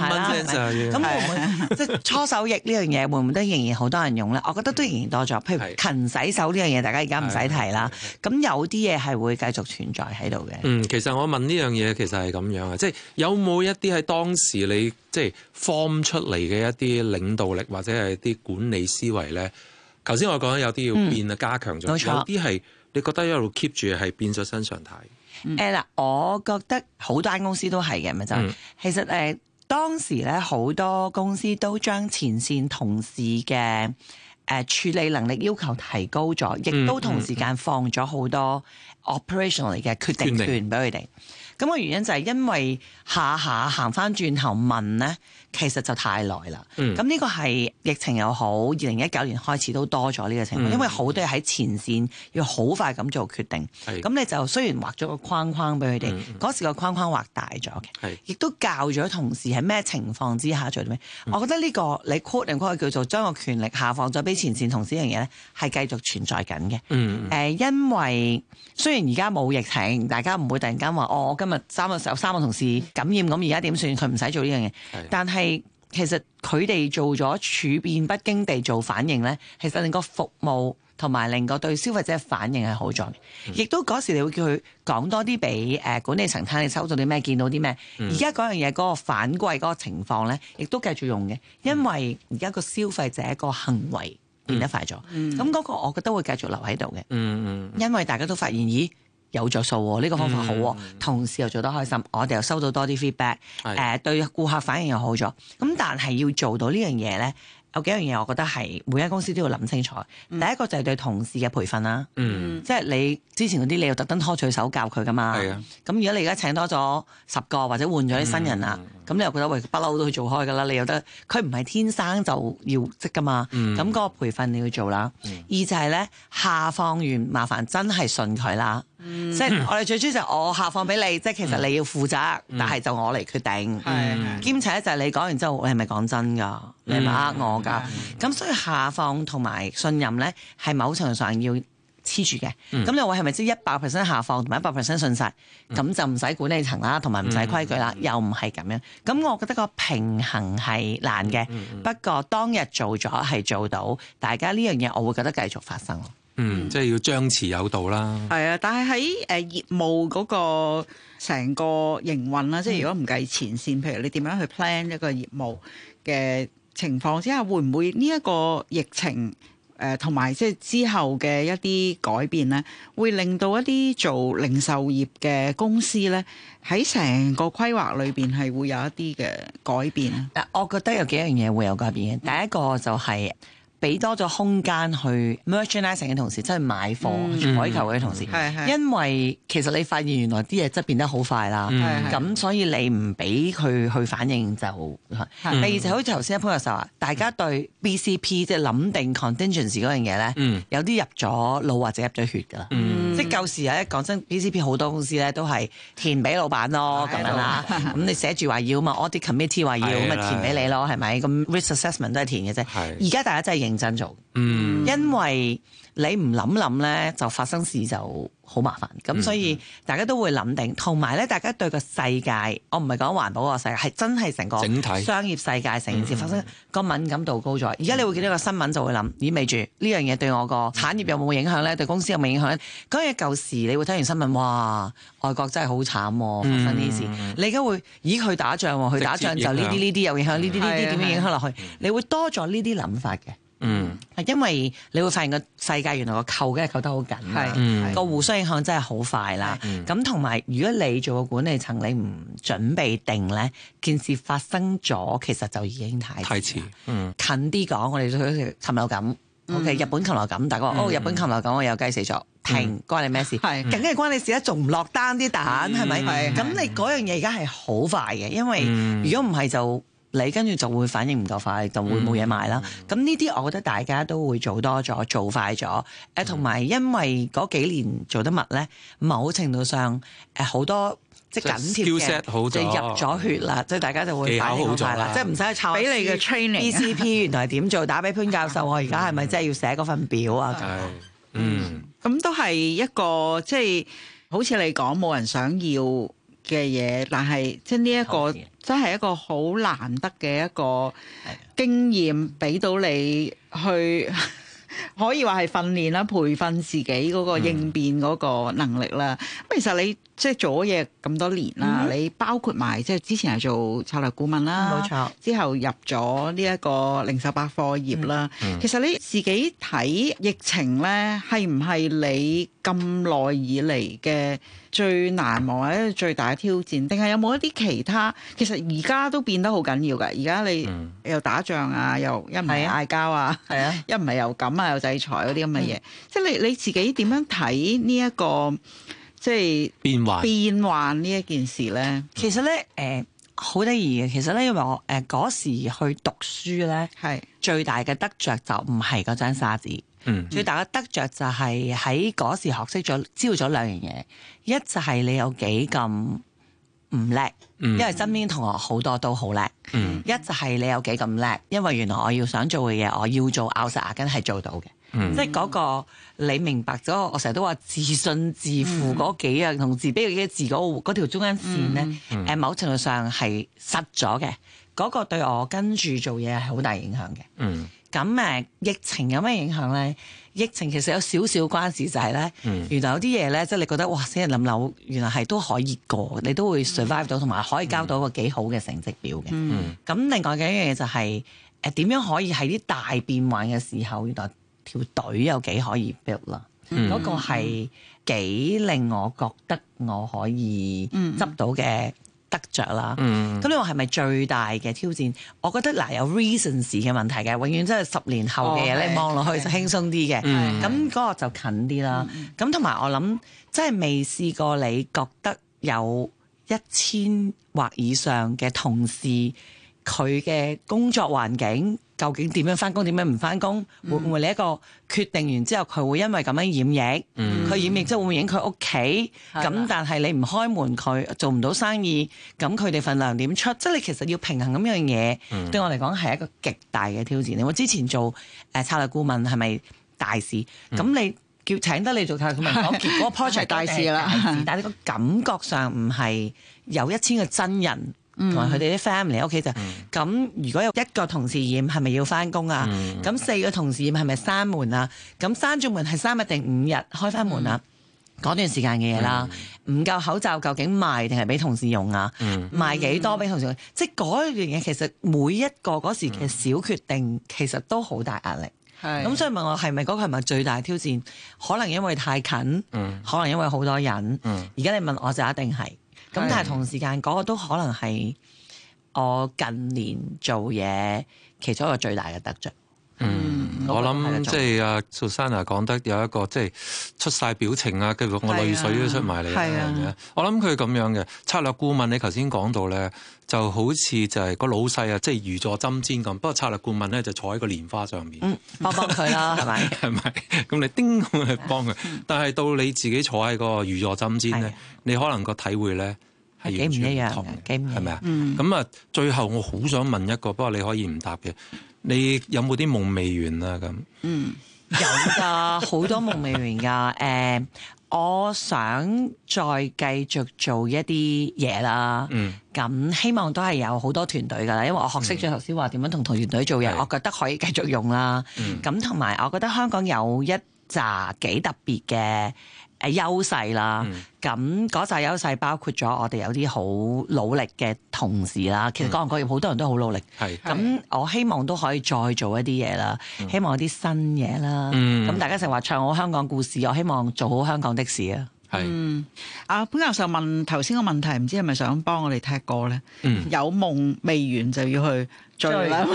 [SPEAKER 4] 咁即係搓手液呢樣嘢，會唔會都仍然好多人用咧？ (laughs) 我覺得都仍然多咗。譬如勤洗手呢樣嘢，大家而家唔使提啦。咁、啊啊啊啊、有啲嘢係會繼續存在喺度
[SPEAKER 1] 嘅。嗯，其實我問呢樣嘢，其實係咁樣啊，即係有冇一啲喺當時你即係、就是、form 出嚟嘅一啲領導力或者係啲管理思維咧？頭先我講咧有啲要變啊，加強咗；嗯、有啲係你覺得一路 keep 住係變咗新常態。
[SPEAKER 4] 誒嗱、嗯，嗯、我覺得好多間公司都係嘅咪就是，嗯、其實誒、呃、當時咧好多公司都將前線同事嘅誒、呃、處理能力要求提高咗，亦、嗯嗯、都同時間放咗好多 operational 嚟嘅決定權俾佢哋。咁、個原因就係因為下下行翻轉頭問咧。其實就太耐啦，咁呢、嗯、個係疫情又好，二零一九年開始都多咗呢個情況，嗯、因為好多嘢喺前線要好快咁做決定，咁是你就雖然畫咗個框框俾佢哋，嗰、嗯嗯、時個框框畫大咗嘅，亦是都教咗同事喺咩情況之下做咩。嗯、我覺得呢、這個你 quote 定 quote 叫做將個權力下放咗俾前線同事呢樣嘢呢係繼續存在緊嘅。誒、嗯呃，因為雖然而家冇疫情，大家唔會突然間話哦，我今日三個三個同事感染咁，而家點算？佢唔使做呢樣嘢，是但係。其實佢哋做咗處變不驚地做反應呢，其實令個服務同埋令個對消費者嘅反應係好咗。嘅、嗯。亦都嗰時你會叫佢講多啲俾誒管理層聽，你收到啲咩，見到啲咩。而家嗰樣嘢嗰個反饋嗰個情況呢，亦都繼續用嘅，因為而家個消費者個行為變得快咗。咁嗰、嗯嗯、個我覺得會繼續留喺度嘅，因為大家都發現咦。有著數喎，呢、這個方法好、啊，嗯、同事又做得開心，我哋又收到多啲 feedback，誒是、呃、對顧客反應又好咗。咁但係要做到呢樣嘢呢，有幾樣嘢我覺得係每間公司都要諗清楚。第一個就係對同事嘅培訓啦、啊，嗯、即係你之前嗰啲你又特登拖住手教佢㗎嘛。咁的、嗯、如果你而家請多咗十個或者換咗啲新人啦、啊。嗯咁你又覺得喂不嬲都會做開噶啦？你有得佢唔係天生就要識噶嘛？咁嗰、嗯、個培訓你要做啦。二、嗯、就係咧下放完麻煩真係信佢啦。即係、嗯、我哋最主要就係我下放俾你，嗯、即係其實你要負責，嗯、但係就我嚟決定。兼、嗯嗯、且咧就係你講完之後，你係咪講真㗎？你係咪呃我㗎？咁、嗯嗯、所以下放同埋信任咧，係某程度上要。黐住嘅，咁、嗯、你話係咪即一百 percent 下放同埋一百 percent 信晒咁、嗯、就唔使管理層啦，同埋唔使規矩啦，嗯、又唔係咁樣。咁我覺得個平衡係難嘅。嗯、不過當日做咗係做到，大家呢樣嘢我會覺得
[SPEAKER 2] 繼續發生。嗯，
[SPEAKER 1] 即係要張弛有度啦。
[SPEAKER 2] 係啊、嗯，但係喺誒業務嗰個成個營運啦，即係、嗯、如果唔計前線，譬如你點樣去 plan 一個業務嘅情況之下，會唔會呢一個疫情？誒同埋即係之後嘅一啲改變咧，會令到一啲做零售業嘅公司咧，喺成個規劃裏邊係會有一啲嘅改變。我覺得有幾樣嘢會有改變嘅，第一個就係。俾多咗空間去
[SPEAKER 4] merchandising 嘅同時，即係買貨、海購嘅同時，嗯嗯、因為其實你發現原來啲嘢真係變得好快啦。咁、嗯、所以你唔俾佢去反應就，
[SPEAKER 5] 第二就好似
[SPEAKER 4] 頭先潘教授話，大家對 BCP、嗯、即係諗定 contingency 嗰樣嘢咧，嗯、有啲入咗腦或者入咗血㗎啦。嗯嗯。舊時啊，講真、BCP 好多公司咧都係填俾老闆咯，咁 (laughs) 樣啦。咁你寫住話要啊嘛 (laughs) ，audit committee 話要，咁啊 (laughs) 填俾你咯，係咪？咁 risk a (laughs) ssessment 都係填嘅啫。而家大家真係認真做，嗯、因為你唔諗諗咧，就發生事就。好麻煩，咁所以大家都會諗定，同埋咧，大家對個世界，我唔係講環保個世界，係真係成個整體商業世界成件事發生，個敏感度高咗。而家你會見到個新聞就會諗，意味住呢樣嘢對我個產業有冇影響咧？對公司有冇影響咧？嗰樣嘢舊時你會睇完新聞，哇，外國真係好慘、啊，發生呢事，嗯、你而家會以佢打仗喎，去打仗，去打仗就呢啲呢啲有影響，呢啲呢啲點樣影響落去？的你會多咗呢啲諗法嘅。嗯，因為你會發現個世界原來個扣嘅係扣得好緊，個互相影響真係好快啦。咁同埋如果你做個管理層，你唔準備定咧，件事發生咗，其實就已經太遲。嗯，近啲講，我哋好似禽流感，好似日本禽流感，大家，哦，日本禽流感我又計死咗，停，關你咩事？係，梗係關你事啦，仲唔落單啲蛋係咪？咁你嗰樣嘢而家係好快嘅，因為如果唔係就。你跟住就會反應唔夠快，就會冇嘢賣啦。咁呢啲我覺得大家都會做多咗、做快咗。誒、嗯，同埋因為嗰幾年做得密咧，某程度上誒好多即係緊貼嘅，即係入咗血啦。即係大家就會打好快啦，即係唔
[SPEAKER 2] 使去抄。俾你嘅 training，B C P 原來係點做？ (laughs) 打俾潘教授，我而家係咪真係要寫嗰份表
[SPEAKER 5] 啊？嗯，
[SPEAKER 2] 咁、嗯、都係一個即係、就是、好似你講，冇人想要嘅嘢，但係即係呢一個真係一個好難得嘅一個經驗，俾到你去 (laughs) 可以話係訓練啦、培訓自己嗰個應變嗰個能力啦。咁、嗯、其實你即係、就是、做咗嘢咁多年啦，嗯、哼你包括埋即係之前係做策略顧問啦，冇錯，之後入咗呢一個零售百貨業啦。嗯嗯、其實你自己睇疫情咧，係唔係你咁耐以嚟嘅最難忘，或者最大嘅挑戰，定係有冇一啲其他？其實而家都變得好緊要嘅。而家你又打仗啊，嗯、又一唔係嗌交啊，係啊，一唔係又咁啊，又制裁嗰啲咁嘅嘢。嗯、即係你你自己點樣睇呢一個即係變幻變幻呢一件事咧、嗯呃？其實咧，誒好得意嘅。其實咧，因為我誒嗰、呃、
[SPEAKER 4] 時去讀書咧，係是最大嘅得着就唔係嗰張沙紙。嗯、最大家得着就係喺嗰時學識咗、知道咗兩樣嘢，一就係你有幾咁唔叻，嗯、因為身邊同學好多都好叻；嗯、一就係你有幾咁叻，因為原來我要想做嘅嘢，我要做咬實牙根係做到嘅。嗯、即係嗰、嗰個你明白咗，我成日都話自信自負嗰、嗯、幾樣同自卑嘅嗰嗰條中間線咧，誒、嗯嗯、某程度上係失咗嘅。嗰、嗰個對我跟住做嘢係好大影響嘅。嗯。咁誒、啊、疫情有咩影響咧？疫情其實有少少關、就係呢嗯、事就係、是、咧，原來有啲嘢咧，即係你覺得哇，死人冧樓原來係都可以過，你都會 survive 到，同埋、嗯、可以交到一個幾好嘅成績表嘅。咁、嗯、另外嘅一樣嘢就係誒點樣可以喺啲大變幻嘅時候，原來條隊有幾可以 build 啦、嗯。嗰個係幾令我覺得我可以執到嘅。得着啦，咁、嗯、你話係咪最大嘅挑戰？我覺得嗱、呃，有 reasons 嘅問題嘅，永遠真係十年後嘅嘢，哦、你望落去就輕鬆啲嘅。咁嗰的、嗯、個就近啲啦。咁同埋我諗，真係未試過你覺得有一千或以上嘅同事。佢嘅工作環境究竟點樣返工？點樣唔返工？嗯、會唔會你一個決定完之後，佢會因為咁樣感染？佢感染之後會唔會影佢屋企？咁、嗯、但係你唔開門，佢做唔到生意。咁佢哋份糧點出？即係你其實要平衡咁樣嘢，嗯、對我嚟講係一個極大嘅挑戰。我之前做誒、呃、策略顧問係咪大事？咁你叫請得你做策略顧問，講結果 project 大事啦。但你個感覺上唔係有一千個真人。同埋佢哋啲 family 屋企就咁，如果有一個同事染，係咪要翻工啊？咁四個同事染，係咪閂門啊？咁閂住門係三日定五日開翻門啊？嗰段時間嘅嘢啦，唔夠口罩，究竟賣定係俾同事用啊？賣幾多俾同事用？即係嗰樣嘢，其實每一個嗰時嘅小決定，其實都好大壓力。咁所以問我係咪嗰個係咪最大挑戰？可能因為太近，可能因為好多人。而家你問我就一定係。咁但係同時間嗰個都可能係我近年做嘢其中一個最大嘅得著。
[SPEAKER 1] 嗯，我諗即係阿蘇珊娜講得有一個即係出晒表情啊，跟住我淚水都出埋嚟嘅樣。我諗佢咁樣嘅策略顧問，你頭先講到咧，就好似就係、是、個老細啊，即係如坐針氈咁。不過策略顧問咧就是、坐喺個蓮花上面，
[SPEAKER 4] 幫幫佢啦，係咪、啊？
[SPEAKER 1] 係咪？ (laughs) 咁你叮咁去幫佢， (laughs) 但係到你自己坐喺個如坐針氈咧，啊、你可能個體會咧係幾唔一樣嘅，係咪啊？咁啊、嗯，最後我好想問一個，不過你可以唔答嘅。你有冇啲夢未完啊？咁嗯，
[SPEAKER 5] 有
[SPEAKER 4] 㗎，好多夢未完㗎。誒、 (laughs) 呃，我想再繼續做一啲嘢啦。嗯，咁希望都係有好多團隊㗎啦，因為我學識咗頭先話點樣同團隊做嘢，是我覺得可以繼續用啦。嗯，咁同埋我覺得香港有一紮幾特別嘅。係優勢啦，咁嗰扎優勢包括咗我哋有啲好努力嘅同事啦。其實各行各業好多人都好努力，咁我希望都可以再做一啲嘢啦，希望有啲新嘢啦。咁、嗯、大家
[SPEAKER 2] 成日話唱好香港故事，我希望做好香港的事啊。是嗯，阿、啊、潘教授問頭先個問題，唔知係咪想幫我哋踢歌咧？嗯、有夢未完就要去追啦嘛。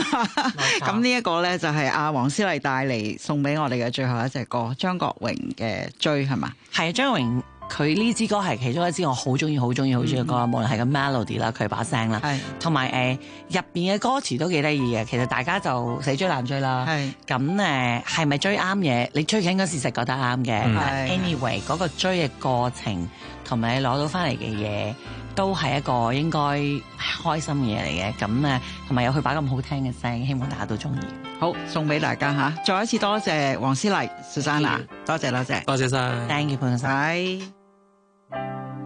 [SPEAKER 2] 咁呢一個咧就係阿黃思麗帶嚟送俾我哋嘅最後一隻歌，張國榮嘅《追》係嘛？係啊，張國榮。佢呢支歌係其中一支我好
[SPEAKER 4] 中意、好中意、好中意嘅歌，無論係個 melody 啦，佢把聲啦，同埋誒入邊嘅歌詞都幾得意嘅。其實大家就死追爛追啦。咁誒係咪追啱嘢？你追緊嘅事實覺得啱嘅。Anyway，嗰是、那個追嘅過程同埋你攞到翻嚟嘅嘢，都係一個應該開心嘅嘢嚟嘅。咁咧同埋有佢把咁好聽嘅聲，希望大家都中意。
[SPEAKER 2] 好，送俾大家吓，再一次多謝黃思麗 Susanna，多謝是多謝，多謝晒，thank you，潘生。謝謝謝謝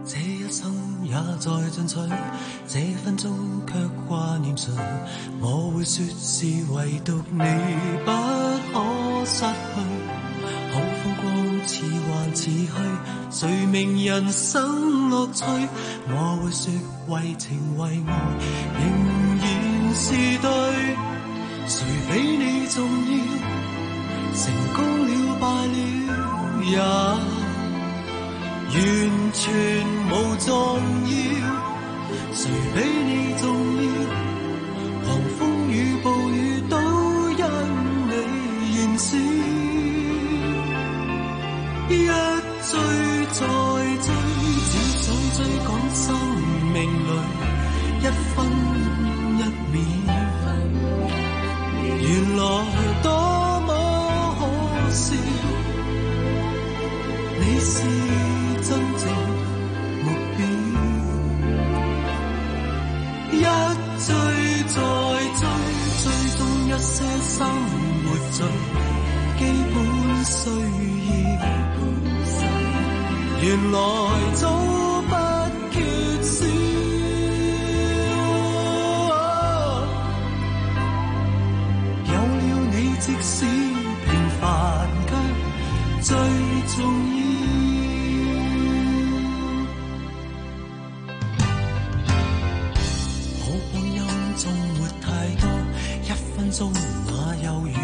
[SPEAKER 9] 這一生也在進取，這分鐘卻掛念誰？我會説是唯獨你不可失去。好風光似幻似虛，誰明人生樂趣？我會説為情為愛仍然是對。誰比你重要？成功了敗了也。完全無重要，誰比你重要？狂風與暴雨，雨都因你燃燒，一追再追，只想追趕生命裡一分一秒。原來多麼可笑，你是。最基本需要，原來早不缺少。有了你，即使平凡卻最重要。好光陰縱沒太多，一分鐘哪有？